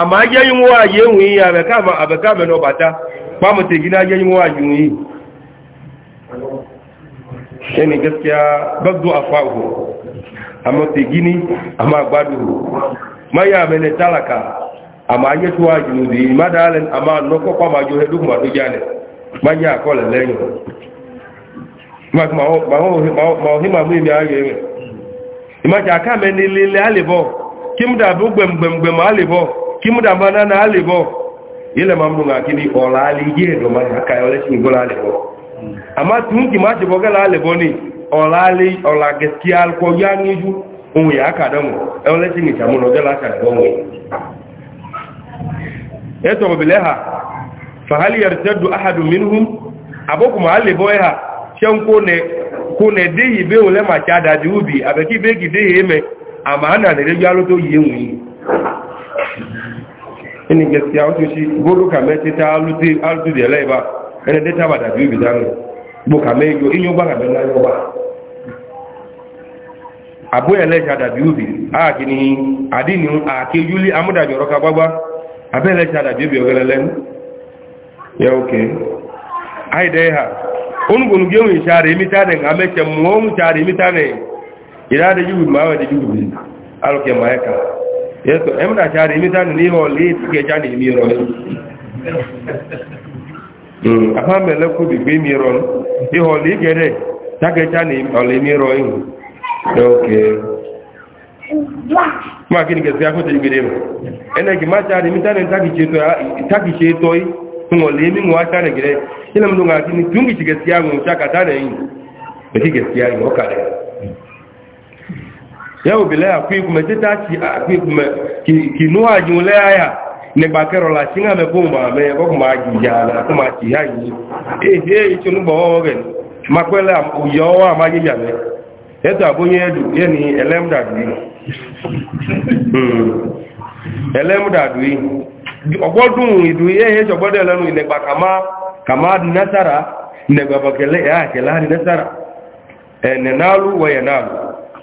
amma yayin wa yewun yi abeka ma abeka me no bata ba mu tegi na yayin wa yun yi shine gaskiya bagdu afahu amma tegini amma gbadu maya mene talaka amma yetu wa yun di madalen amma no kwa ma jo hedu ma do jale maya ma ma ma ma ma mi mi ni le le alebo kim da bu gbem gbem kimudamba nana alibo ile mamlunga akini ola aliye ndo maana akayole chingola alibo ama tunki maji bogala alibo ni ola ali ola geskia alko yangiju ohun ya akadamu e ole chingi chamuno gela akadamu eto bileha fahal yartaddu ahadu minhum abokum alibo eha shenko ne kone dehi be ole ma cha dadi ubi abeki begi dehi eme ama ana ne ini gaskiya wasu shi godo kame ce ta alutu da lai ba ta ba da biyu bizanu bo kame yo in yo ba kame na yo ba abu ya lai ta da biyu bi a kini adini a ke yuli amuda joro ka gbagba da biyu bi ya oke ai dai ha onu gonu ge won share mi ira da yubi ma wa da yubi yẹ́sọ̀ ẹmìnà ṣàrí mítàní ní ihò lè tíkẹjá ní ìmì rọ̀ yìí afámẹ́lẹ́kù gbígbé mi rọ̀ ihò lè gẹ́rẹ̀ tákẹjá ní ọ̀lẹ́ mi rọ̀ yìí ọkẹ́ máa kí ni kẹsì akóso ìgbèrè mọ̀ ẹnẹ́gì má ṣàrí mítàní tákìṣe tọ́ yìí fún ọ̀lẹ́ mímú aṣáàrẹ̀ gẹ́rẹ́ yau bilaya ku kuma tita ci ku kuma ki nuwa jin laya ne ba kero la singa me ko ma me ko ma ji jala ko ma ci ha yi e eh, e eh, ci nu bo ge ma ko la u yo wa ma ji jale e ta bo ye du ye ni elem da du la ni nasara wa ya nalu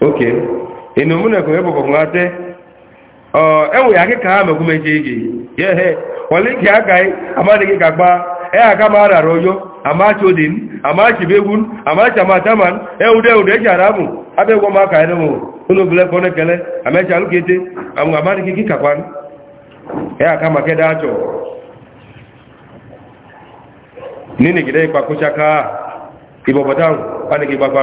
ok inu mu na ko e boko ngate o enwe ya ke ka ma ku meje ge ye he wole ki aka yi amade ki ka gba e aka ma ra royo ama chodin ama chibegun ama chama taman e ude ude jaramu abe go ma ka edu unu bule ko ne kele ame chalu kete amu amade ki ki ka kwan e aka ma ke da cho nini gide ipa kuchaka ibobatan ani ki bakwa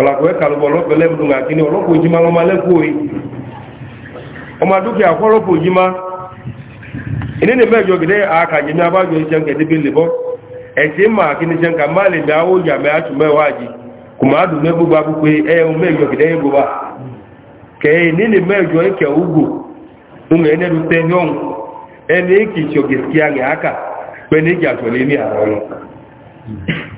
ọ̀làkùnrin kàlùbọ̀ lọ́pẹ̀ lẹ́bùdùn àkíní ọlọ́pọ̀ ìjímá lọ́mọ lẹ́kọ̀ọ́ yìí ọmọ dúkìá fọ́lọ́pọ̀ ìjímá ìnínú mẹ́jọ gẹ̀dẹ́ àkàjẹmí abájọ ìṣẹ́ǹkẹ̀ níbi lèbọ́ ẹ̀sìn mà kíní ṣẹ́ǹkà má lè dá ó yà mẹ́ àtúmẹ́wàájì kò má dùn mẹ́ gbogbo agbó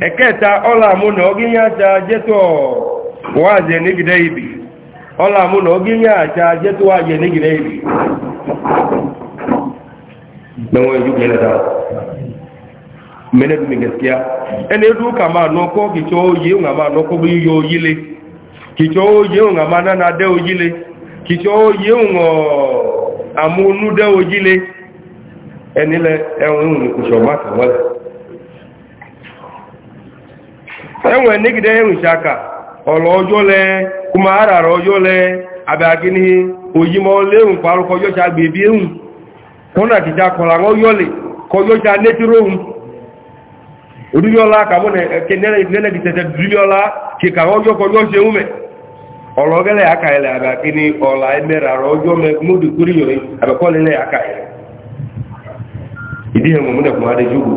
eketa ọla mụ na oginye acha jetụwaje nigide ibi ọla mụ na nigide ibi ẹni dúró kà máa kìtọ́ òun àmà bí oyílé kìtọ́ òun àmà dẹ́ oyílé kìtọ́ òun àmúnú dẹ́ oyílé ẹni lẹ enwere negide enwechi aka ọla ọjọọ lee kuma a rara ọjọọ lee abịa gị n'ihe oyi ma ọla enwu kwa arụkọ ọjọcha gba ebi enwu hụ na kija kọla ọjọọli ka ọjọcha netiri ohun uduriola ka mụ na-enegidete duriola ka ka ọjọọ ka ọjọọcha enwume ọla ogele aka ele abịa gị ni ọla emerara ọjọọ me n'odu kuri yoyi abịa kọlele aka ele ìdí ẹ̀mọ̀ múnẹ̀kùnmọ́ adéjúgbò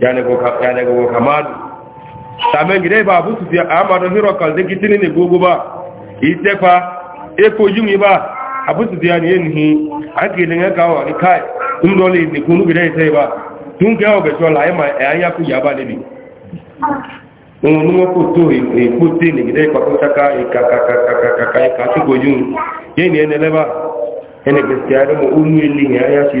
yanagogo kamadu tamegide ba abu sufi amadu hiro kalde kitini ne gugu ba itefa eko yungi ba abu sufi ya niye nihi ake ne ga wa ni kai tun um le ne kunu gida ite ba tun ga obe to la e anya e ku ya ba lebi ohun e ni wọn kò tó èkó dé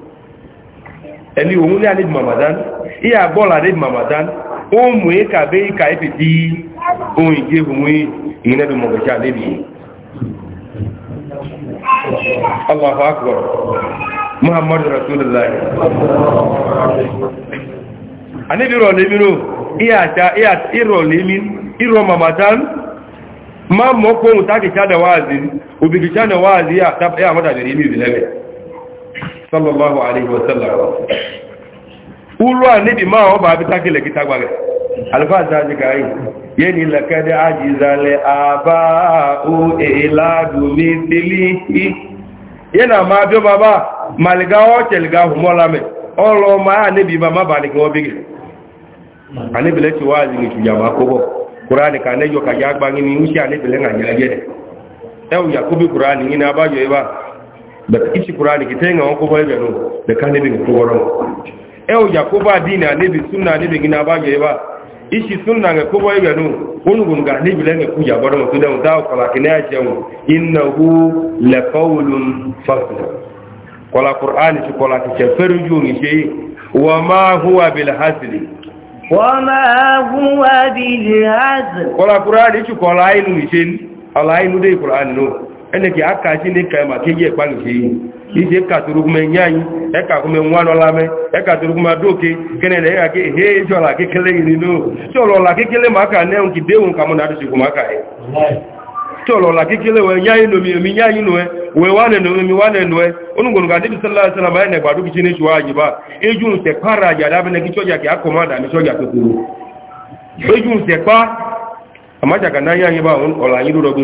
ẹni òun ní àníbi mamadan iye àgbọ́lá àníbi mamadan ó mú é e kàbé ìka ẹ̀ fìdí ohun ìgbé ohun ìrìnàbí mọ̀gànṣà níbi allahu akbar muhammadu rasulullah àníbi rọ̀ lèmi rò ìrọ̀ lèmi ìrọ̀ mamadan máa mọ́ pọ́hùn tákìṣà náà wáàzí òbìkìṣà náà wáàzí àtàbí sallallahu alaihi wasallam ulwa nibi ma o ba bi takile kitagba re alfa zaji kai yeni lakad ajizale aba u iladu mithili yena ma bi baba maliga o telga humolame olo ma nibi mama ba ni ko bigi ani bile ti wazi ni tujama kobo qur'ani ka nejo ka jagba ni usi ani bile nganya je e o yakubi qur'ani ni abajo e ba daga ishi kurani ki tenga wanko bai gano da kan nabi ko goron ewo yakuba dini anabi sunna nabi gina ba ge ba ishi sunna ga ko bai gano wonu gun ga nabi lenge ku ya goron su da da kala kina ya ce mu innahu la qawlun fasl kala qur'ani ci kala ki ce feruju ni ce wa ma huwa bil hasli وما هو بالهزل قال القرآن إيش قال عينه يشين الله عينه ده القرآن نو e aka chineke maka iji ekpaghi ihe iji ekatụrụme nye anyị ekagụme nwa nọla me ekatụrụme adoke kenele ịga ka ihe eji ọla gị kele gị n'o chọrọ ọla gị kele ma aka na nke dewu nka mụ na adịchikwu maka ya chọrọ ọla gị kele wee nye anyị n'omi omi nye anyị n'omi wane n'oe onugbono ga adịbi sala asala ma anyị ba eju nte chọja gị akọmanda amị chọja eju nte kpa amaja ka n'anya anyị ba ọla anyị rụrọ gị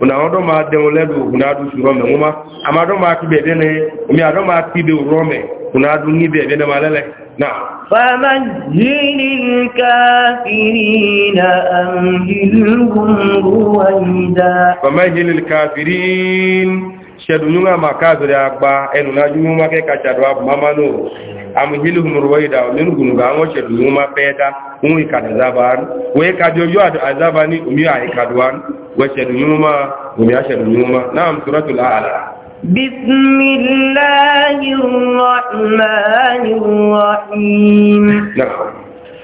una odo ma de oledu una du suro me ngoma amado ma ti bebe ne mi ado ma ti be rome una du ni bebe ne malele na famajjilil kafirina amjilhum ruwaida famajjilil kafirin shadunyunga makazuri akpa enu na jumuma ke kachado abu mamano amhilu humurwaida min gunuga ngo shadunyuma peta umu ikadazaban we kajo yo azabani umi aikadwan we shadunyuma بسم الله الرحمن الرحيم نعم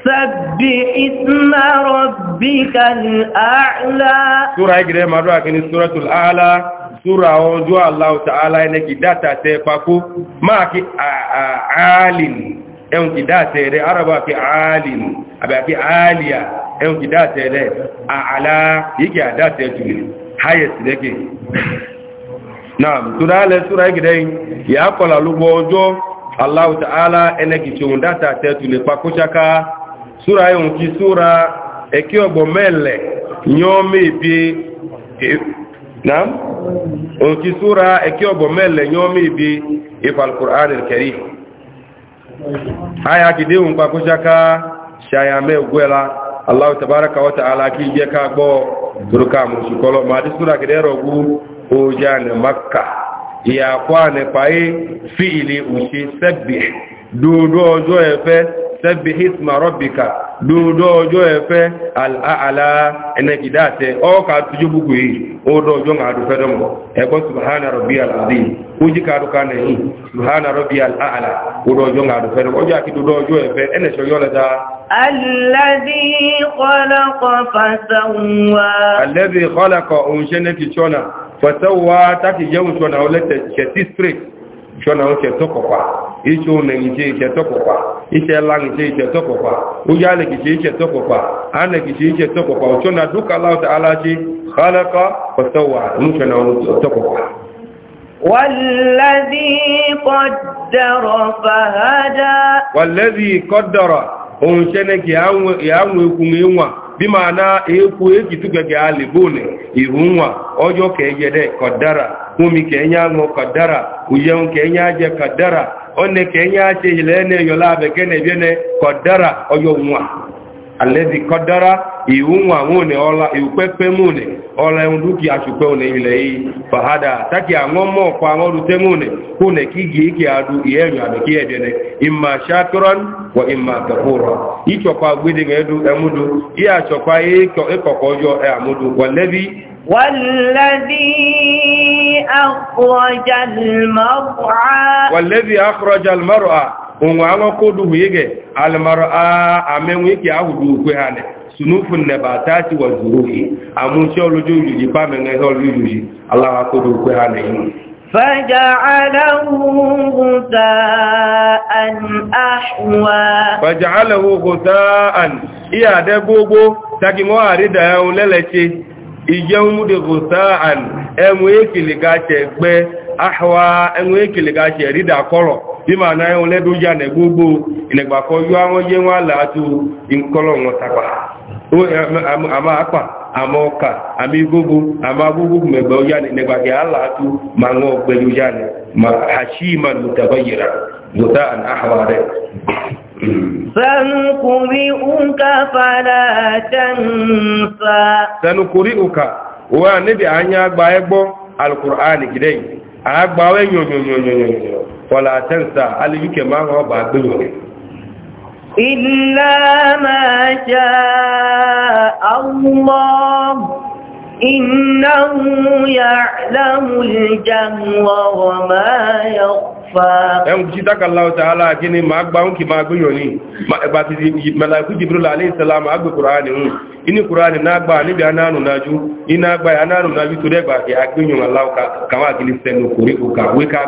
سبح اسم ربك الأعلى سورة يجري مرة سورة الأعلى súra ọjọ́ aláwọ̀ta aláìlẹ́ ìdáta tẹ papó máa kí àálìn ẹun ìdáta rẹ̀ araba kí àálìn àbẹ̀kí àálìyà ẹun ìdáta rẹ̀ àálá yíkẹ̀ àdáta jùlẹ̀ hayes lẹ́kẹ̀ náà túnra alẹ́ súra ìgidẹ́ yà kọlà ọjọ́ aláwọ̀ta alá ẹlẹ́kì نعم وكي سورة اكيو بمال يومي بي إفا القرآن الكريم هاي هاكي ديهم باكو شاكا شايامي وقويلا الله تبارك وتعالى كي جيكا بو تركا مرشكولو ما دي سورة كده روغو اوجان مكة يا اخوان فاي فيلي وشي سبح دودو جو يفه sẹ́bí hisma rọ́bìkà dúdú ọjọ́ ẹ̀fẹ́ àlá ẹnẹ́gidá tẹ ọkà tójú gbogbo yìí ó dọ́jọ́ ń àdúfẹ́ dọ́mọ̀ ẹgbọ́n subhana rọ̀bí alàdé ó jí kàdùkà nẹ̀yìn subhana rọ̀bí alàlá ó dọ́jọ́ ń àdúfẹ́ dọ́mọ̀ ọjọ́ àti dúdú ọjọ́ ẹ̀fẹ́ ẹnẹ́ṣọ́ yọ́ خلق فسوى الذي خلق أنشنة شونا فسوى تاكي جوشونا ولتشتي chọna oche tụkọkwa iche unegiche iche tụkọkwa iche lagiche iche tụkọkwa uye anagiche iche tụkọkwa anagiche iche tụkọkwa uchọna dukala utalachi khalaqa fasawa nuchọna tụkọkwa والذي قدر فهدى والذي قدر ohun ṣẹ́nẹ́kì àwọn ikun ìwọ̀n bí máa ná eéku éèkì túgẹ̀gẹ̀ alìbóòlì ìhùnwà ọjọ́ kẹ̀ẹ́yẹ̀dẹ̀ kọ̀dára omi kẹ̀ẹ́yà ń kọ̀dára òyẹun kẹ̀ẹ́yà jẹ kọ̀dára ọ́nẹ kẹ̀ẹ́yà ṣe ilẹ̀ ẹ̀nẹ́ yọlá abẹ̀kẹ́nẹ̀ alẹ́dì kọ́dára ìwúnwà múnẹ̀ ọlá ìwúpẹ́pẹ́ múnẹ̀ ọlá ẹun dúkì aṣùpẹ́ ònẹ̀ ilẹ̀ yìí fàhádà tákì àwọn mọ́ ọ̀pọ̀ àwọn olùtẹ́ múnẹ̀ kúnẹ̀ kí gííkì adú ìyẹ́rìn àdùkí والذي أخرج المرعى والذي أخرج المرعى onwe aṅụkọ duhu ige alịmarụ amenwe ike ahụrụ ukwe ha ne sunufu tati wa zuruhi pame ukwe ha ne فجعله غثاء أحوى فجعله غثاء إيا دبوبو تاكي مواري دايو للتي إيجاوم دي غثاء أمو ahwa enwe ekele gache rida kọlọ ịma na enwe ledu ya na gbogbo inegba ko yo awon ye wa la tu in o e, ama apa ama oka ama igogo ama gugu megba o ya ni negba ke ala tu ma ngo gbelu ni ma hashiman mutabayyira ahwa de àgbàwẹ́ yòyòyòyòyò wọ́la àtẹ́ǹsà alìyíkẹ̀ máa wọ́n bá gbéyàn rẹ̀. Ìlà ẹ̀hùn jí dákàláwọ̀ tààlà ma gbá ń ma máa ma yọ̀ ní ẹgbà ti mẹ́láìkú jìbìrìlà aléìsẹ́lámù agbè kùránì hùn inú kùránì náà gbà níbi anánù nájú iná gbà anánù nájú tó dẹ́gbà kì agbéyàn aláwọ̀ kàwà gíní sẹ́nu kòríkò kàwé ká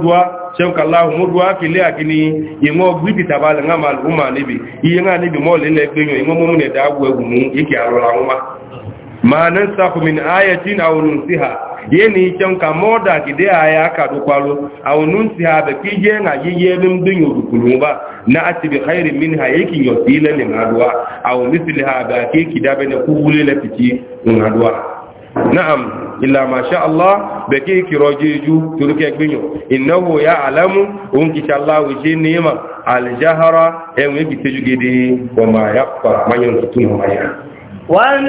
gbà shehu kallahu mudu akili akini yengo gbiti tabale nga maluma nibi yenga nibi mo lele gbenyo yengo mumu ne dawu egumu iki alola nguma ma nansakhu min ayatin aw nunsiha yeni shehu ka moda kide aya ka dukwalo aw nunsiha be kije nga yiye bim dunyo dukulumba na ati bi khairin minha yiki nyotile ne ngadwa aw misliha ba ke kidabe ne kuwule le piti ìlà màṣá allah bẹ̀kí ìkìrọ̀jì ijú torúkẹ́ gbìyàn ìnáwó ya alamu òun kìí aláwò ṣe ní ìmọ̀ aljahara ẹ̀wọ̀n èkì tẹ́jú gidi ọmọ àyàpá mayan tuntun ọmọ ya wọ́n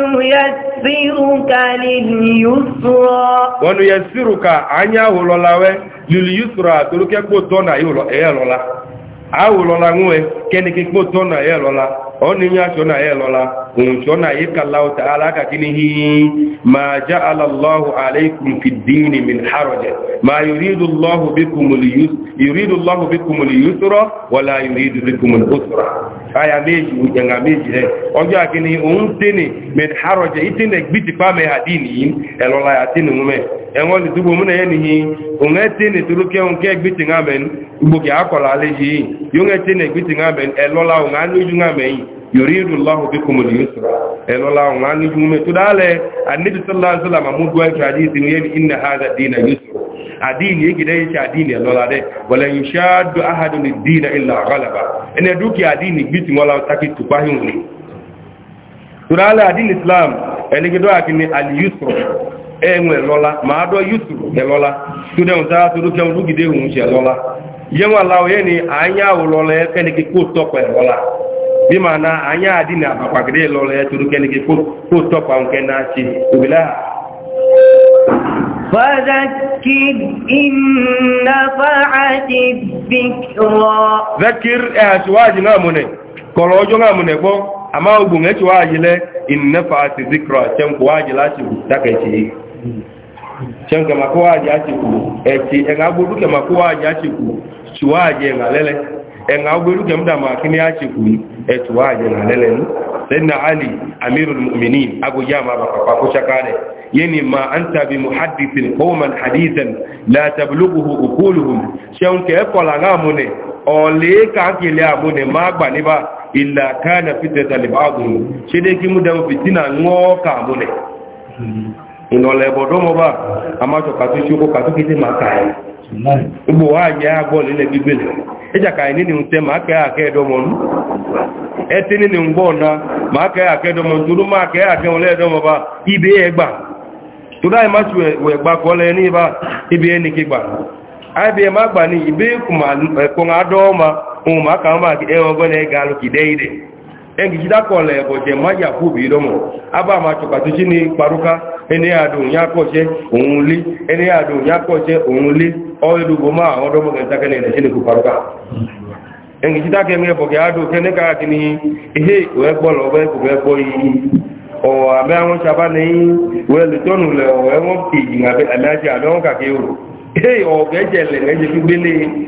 yẹ síruka anyáhùlọ́láwẹ́ lùlù yusra torúkẹ́ gbò tọ́nà yóò ẹ̀yà lọ́la awụ lọla nwe keneke kpoto na ya lọla ọnụ ya chọ na ya lọla nwụchọ na ya kala ụta ala aka kini hihi ala ja ale alaikum fi dini min haraja ma yuridu allahu bikum yuridu allahu bikum yusra wala yuridu bikum usra aya meji ujanga meji he ọjọ akini ohun tini min haraja itine gbitipa me ha dini yin elola ya tini mume ẹ̀wọ́n lè túbọ̀ múnà yẹ́ nìyí òun ẹ́tẹ́ ní tó lókè ohun kẹ́ gbìtì rámẹ́n gbogbo àkọ̀lá aléjì yóò ẹ́tẹ́ ní gbìtì rámẹ́n ẹ̀lọ́lá òun alójú rámẹ́n yòrí ìrùláhùn bí kò mọ̀lì yóò ẹ̀lọ́lá òun alójú mẹ́ tó dálẹ̀ àníbi sọ́lá enwe lọla ma adọ yuturu elọla student ta toro kẹ olugide ohun nche lọla yẹn wà láwọ yẹn ni anya lọla ẹ e kẹ́nìkì kó tọpọ ẹ e lọla bí ma na anya adi e na àpapàgídé lọla ẹ toro kẹ́nìkì kó فذكر إن نفعت الذكرى ذكر zikra cɛn kama ko waa jaa ti ku ɛti ɛŋa gbolu kama ko waa jaa ti ku ti waa jɛ ŋa lɛlɛ ɛŋa gbolu kama dama kini a ti ku ɛti waa jɛ ŋa lɛlɛ nu sɛnna ali amiru muminin abu yama ba papa ko cakaare yeni ma an tabi muhadisin kowman hadisan la tabluguhu ukuluhum cɛn kɛ kɔla ŋa mun ne ɔlee kan kele a mun ne maa gba ne ba illa kana fitata libaaduhum sede ki mu dama fitina ŋɔɔ kan mun ne. ìnọ̀lẹ̀ ẹ̀bọ̀dọ́mọ bá a máa jọ kàtú ṣókó kàtú kété máa kàá gbogbo wá jẹ́ agbọ́ lílẹ̀ gbígbé lẹ̀ ẹjàkà ìní ni tẹ máa kẹ́ àkẹ́ẹ̀dọ́mọnú ẹtí ní ni ń gbọ́ ọ̀nà máa kẹ́ àkẹ́ẹ̀dọ́mọnú tó máa kẹ́ àkẹ́ọ̀lẹ́ẹ̀dọ́mọ egijida kọla boje ma chọkatuchi na ikparuka eneado nyakọche onwuli paruka egijida ka enwe boge ado kene ka ati n'ihi ihe wee gbọlọ wee kụ wee gbọ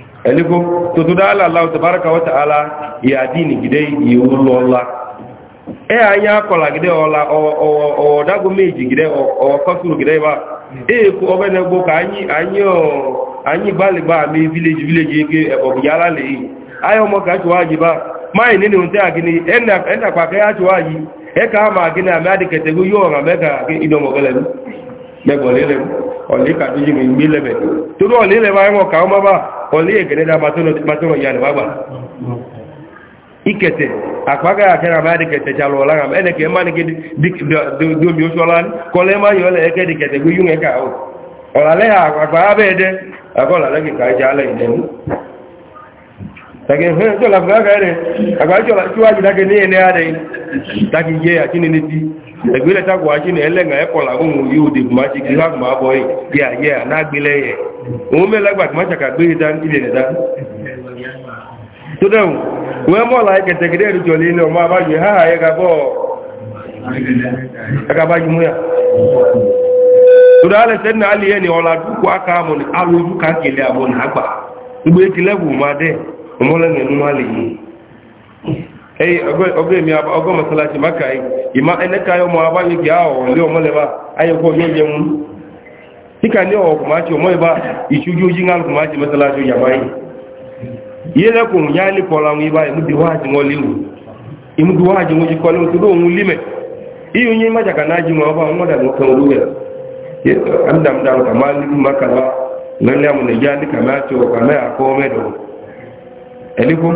eliko to to dala allah tabaraka wa taala ya dini gide yiwulo ola e anya kola gide ola o o dago meji gide o kosuru gide ba e ko obene gbo ka anyi anyi o anyi bali ba mi village village ege e bo yala le ayo mo ka tuwaji ba mai nini unte enda enda kwa ka tuwaji e ka ma agini ami adikete go mega ido mo gele mego lele o le ka tuji mi mi mo ka ba ọlé ẹ̀gẹ̀dẹ́dá matọ́rọ̀ ìyá nìwágbà ìkẹtẹ̀ àpágà àkẹrà máa di kẹtẹ̀ jalọ ọ̀lára ẹnẹkẹ̀ máa ní gẹ́dẹ̀ domi oṣù ọlá kọlẹ̀ máa yọ ẹ̀kẹ́ di kẹtẹ̀ gbé yún ẹ̀kà ọ̀ ọ̀làlẹ́ àgbà abẹ́ẹ̀dẹ́ àgọ́làlẹ́ kìkà ẹja alẹ́ ìdẹ̀mú tàbí ẹ̀fẹ́ ìjọ́lá fún àgbà rẹ̀ àgbà ìjọ́lá ẹgbẹ́lẹ̀ tàgbà wájú ní ẹlẹ́gàn ẹ̀kọ́lá ohun yóò dé kùmá ṣe ma láàmù àbọ̀ yìí àyè ànágbélẹ̀ yẹ òun mẹ́lẹ́gbà kùmá ṣàkà gbé ìdá ilẹ̀ ìdá tó dẹ̀hùn wọ́n mọ́lá ẹ̀kẹ̀tẹ̀kẹ̀dẹ̀ ìrìjọ̀lẹ̀ ilẹ̀ ọmọ abájú háhà eyi ọgọ́ èmi ọgọ́ masalasi maka yi ìmá ẹnẹ́ka yọ mọ́ abáyé gíá ọ̀ lé na lẹ́bá ayẹ́kọ́ yóò jẹ mú síkà ní ọ̀ kùmáàtì ọmọ ìbá ìṣújú ojú ńlá kùmáàtì masalasi yàmá yìí yẹ́lẹ́kùn yá ní kọ́lá wọn ìbá ìmúdi wáàjì wọn léwu ìmúdi wáàjì wọn jikọ́ léwu tó òun límẹ̀ iyùn yín májàkà náà jí wọn ọba wọn dàgbà kan olúwẹ̀ amdamdam kàmá lílu makaba lọ́lẹ́ àmúnẹ̀já ní kàmá tó kàmá àkọ́ mẹ́dọ̀ ẹ̀lẹ́kùn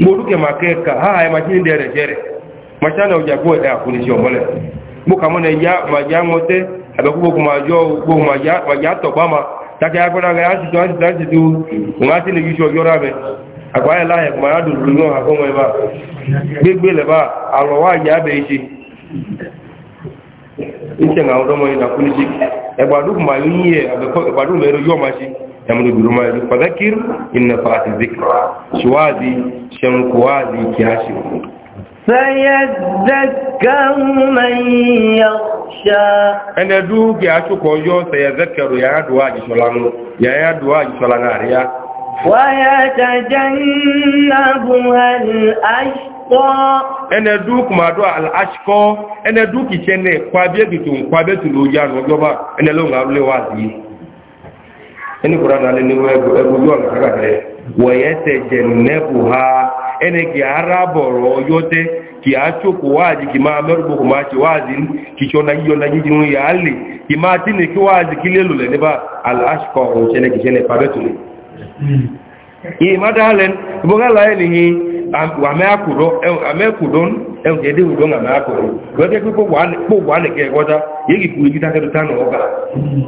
moruke makeka haya machini ndere jere machana ujakuwa eh, ya kulishi omole muka mwana ya majangote abakubo kumajo kubo maja majato bama taka yako na gasi tu asi tu ngati ni gisho yorabe akwaya la ya kumaradu dunyo hakomo eba bigbele ba alowa ya beishi nche nga odomo ina kulishi egbadu kumayunye abeko egbadu mero yo machi yamdu duruma yi fadakir inna fa'ati zikra shiwazi shan kuwazi kiyashi sayadzakkaru man yakhsha ana duki acho ko yo sayadzakkaru ya duwa ji sholanu ya ya duwa ji sholanu ariya wa yatajannabuha ẹni kura náà ní ẹgbẹ́ yóò nà ká rẹ̀ wọ̀nyẹ́ tẹ̀ jẹ̀ ha ẹni kì á rábọ̀rọ̀ yọ́tẹ́ kì á tsoko wáàzì kì máa mẹ́rùbù kò máa tsi wáàzì kì tsọ́ na yíyọ na yíyí nínú yà á lè kì máa tí nìkí wáàzì kì lélo lẹ̀ nípa aláṣkọ̀ ọ̀hún tsẹ́nẹ̀ kì tsẹ́nẹ̀ pàbẹ́ tó lè. yìí má dáa lẹ́nu ìbúkà láyé nìyí wàmẹ́ àkùdọ́ àmẹ́ àkùdọ́ ẹ̀hún kì í déwù dọ́n àmẹ́ àkùdọ́ wẹ́kẹ́ kó wà nìkẹ́ ẹ̀kọ́ta yìí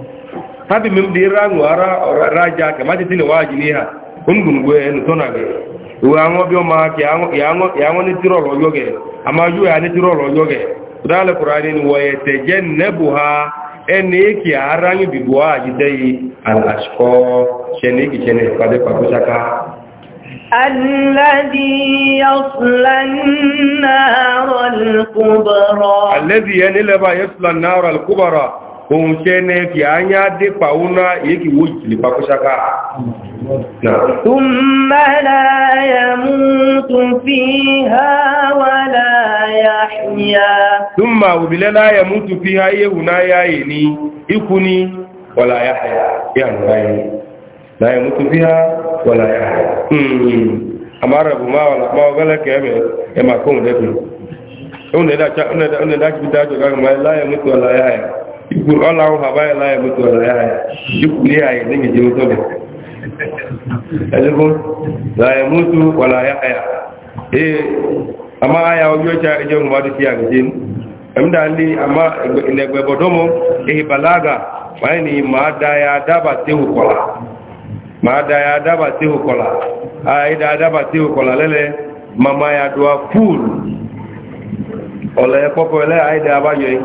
tabi mim di rangu ara raja ke mati tini waji ni ha ungun gwe en tona ge wa ango bio ma ke ango yango yango ni tiro lo yoge ama yu ya ni tiro lo yoge qur'ani ni waye en ki arangi bi al ki pa kusaka الذي يصلى النار الكبرى الذي يصلى ohun tẹ́ ní kí a ń yá dé pàwó náà èyí kì wó ìtìlì pàkóṣáká Túnmà láyà mú tún fi ha wà láyà ṣíyà. Túnmà òbílẹ̀ náà yáyè ní ikú ní wọ̀lá yáyà yànú fi ha wọ̀lá máa wà lápá ọgọ́lẹ̀ kẹ́ẹ̀mẹ̀ ẹ̀mà kóhùn ikú ọláwọ́ àbáyé láyé mọ́tò ọ̀rẹ́ ayé ikú ní ayé ní ìjẹ́ mọ́tò bẹ̀ ẹ̀lẹ́gbọ́n láyé mọ́tò wàláyé ayá ee a máa ayá ojú ọjà ẹjọ́ mọ́dún sí àgbẹ̀jẹ́ ẹ̀mdà ní àmá ilẹ̀gbẹ̀bọ̀dọ́mọ́ èyí bàlágà wáyé ni máa dáyà dábà téhù kọ̀lá máa dáyà dábà téhù kọ̀lá àìdá dábà téhù kọ̀lá lẹ́lẹ́ mama ya dùwà fúùlù ọ̀lẹ́ pọ́pọ́ ẹlẹ́ àìdá abáyọ̀ yìí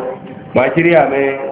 màá kiri àmẹ́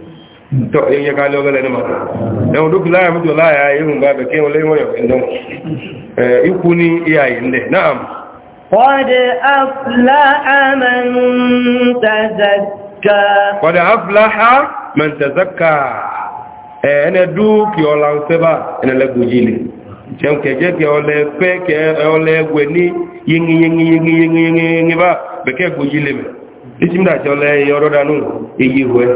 tọ́ èyí yẹ ká lé ọgọ́lẹ̀ ní ma ẹ̀wọ̀n tó kìí láyà mítò láyà ihun bá bẹ̀ kí wọ́n léwọ́n yọ̀ ẹ̀dọ́n ikú ní ìyà ìlẹ̀ náà kọ́dẹ̀ afláhà mẹ́ntẹ̀zẹ́kà ẹ̀ẹ́nẹ̀ dúkì ọlá ń fẹ́ bá ẹ̀nẹ̀lẹ́gbòjì lè ṣẹun kẹjẹ́ kẹ ọlẹ́ fẹ́ kẹ ọlẹ́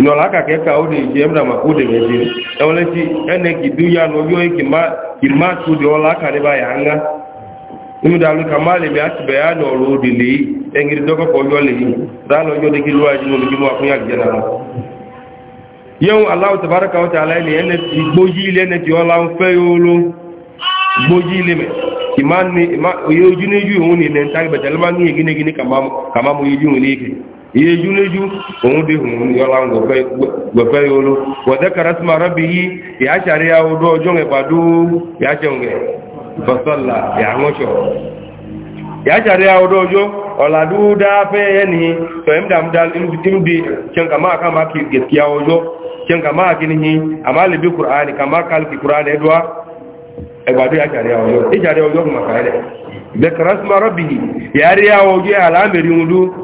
ìnọ̀lá kàkẹ́ ka ó lè jẹ́ ẹ̀mdà mà kó lè rẹ̀ jẹ́ ẹ̀wọ̀n lẹ́tí ẹnẹ kì dú yá lọ yóò kì má tó di ọlá kàdé bá yà ń gá nínú dàlú ka má lè mi àti bẹ̀yà nà ọ̀rọ̀ òdì lè yí ẹ̀ngìrì dọ́kọ̀kọ̀ yọ lè yí dáná yọ lè kí ló wájú lórí kí ló wà fún yà jẹ́ nàá. yẹ́wọ̀n aláwọ̀ tàbára kàwọ́ tà aláìní ẹnẹ ti gbójí ilé ẹnẹ ti ọlá ń fẹ́ yóò ló gbójí ilé mẹ́ ìmá ní ojú ní ojú òun ní ilẹ̀ ń tá yeju leju òun de hun yọla gbẹfẹ yolo wọdẹ karasima rabi yi yàtsari ya wodo ọjọ ŋẹ badu yàtsẹ ŋẹ fasọla yàŋọtsọ yàtsari ya wodo ọjọ ọladu dafẹ yẹni tọyẹm dam da imdi tiẹn kama kama gẹsiya ọjọ tiẹn kama kini hi ama lebi kur'ani kama kaliki kur'ani ẹdua ẹgbadu yàtsari ya ọjọ yàtsari ya ọjọ kuma kàyẹ dẹ bẹ karasima rabi yi yàri ya ọjọ alamiri ŋudu.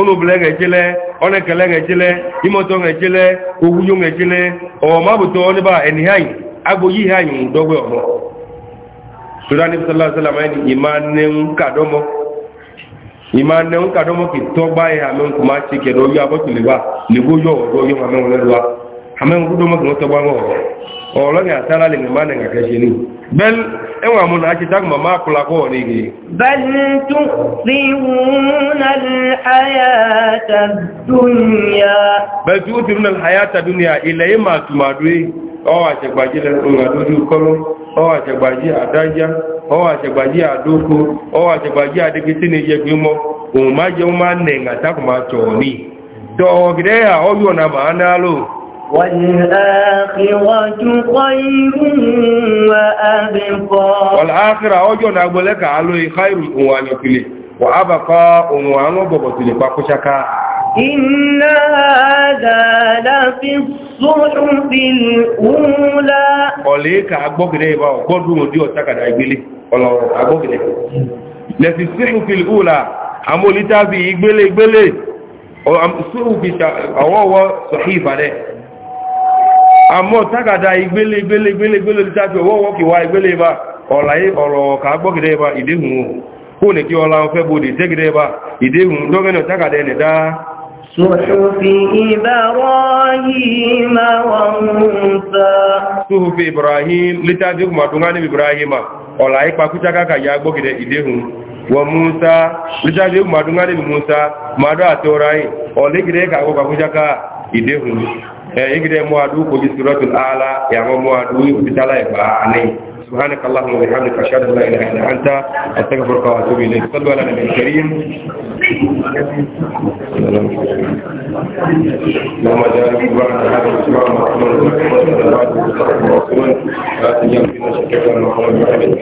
onobule ŋɛtsele ɔnɛkɛlɛ ŋɛtsele imɔtɔ ŋɛtsele owuyo ŋɛtsele ɔmabutɔ ɔnɛba ɛnihanyi agboyi hanyi dɔwɛ ɔmɔ sudani sallallahu alaihi wa sallam ɛni ima nne kadɔmɔ ima nɛŋu kadɔmɔ gba yi hame nkuma tsi kɛdɔ yɔ abɔtuli wa lebo yɔ ɔdɔ yɔ hame ŋlɛ do wa hame ŋkudomɔ kɛmɛ tɔgba ŋɔ ɔrɔ. ọlọ́rin àtàrà lè mẹ́má nà kàkẹ́ ṣe ní bẹ́l ẹwà mú náà ṣe dágbà máa kúlá kọ́ ọ̀rẹ́ igi bẹ́lùtún sí wùn àyàtà dúnìyà bẹ́lùtún sí wùn àyàtà dúnìyà ilẹ̀ yìí máa tùmàdúrí ọwọ́ àṣẹgbàjí lẹ́nu àdójú kọ́lọ́ ọwọ́ àṣẹgbàjí àdájá ọwọ́ àṣẹgbàjí àdókò ọwọ́ àṣẹgbàjí àdébítí ní yẹgbẹ́ mọ́ òun má jẹun má والآخرة خير وأبقى والآخرة أجو نقول لك علوي خير وأنفلي وأبقى وأنبقى وأنبقى إن هذا لفي الصحف الأولى أوليك أبقى وقدر مديو تكاد أبلي أبقى لفي الصحف الأولى أمو لتابي إقبلي إقبلي أو أم صحف أو هو صحيفة ده àmọ́ tágàdá ìgbélé ìgbélé ìgbélé ìgbélé tí táàkì ịba kìwà ìgbélé bá ọ̀láyé ọ̀rọ̀ ọ̀kà gbọ́gidẹ́ bá ìdéhùn kó nì kí ọlá ọfẹ́ bòdì tẹ́gidẹ́ bá ìdéhùn lọ́gẹ́nà tágàdá ẹnẹ̀ dá Sùhùfì Ibrahim lítàdí Ibrahim ya ìdéhùn wọ ìdéhùn igide mo adu ko bi suratul ala ya mo mo adu bi tala ba ani سبحانك اللهم وبحمدك اشهد ان لا اله الا انت استغفرك واتوب اليك صلوا على النبي الكريم والسلام اللهم اجعل بعد هذا الاسبوع مرحبا وبركاته وصحبه وسلم لا يمكن شكرا محمد وحمد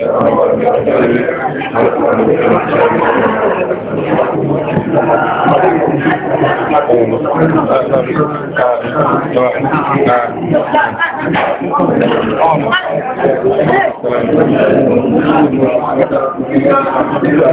Thank you.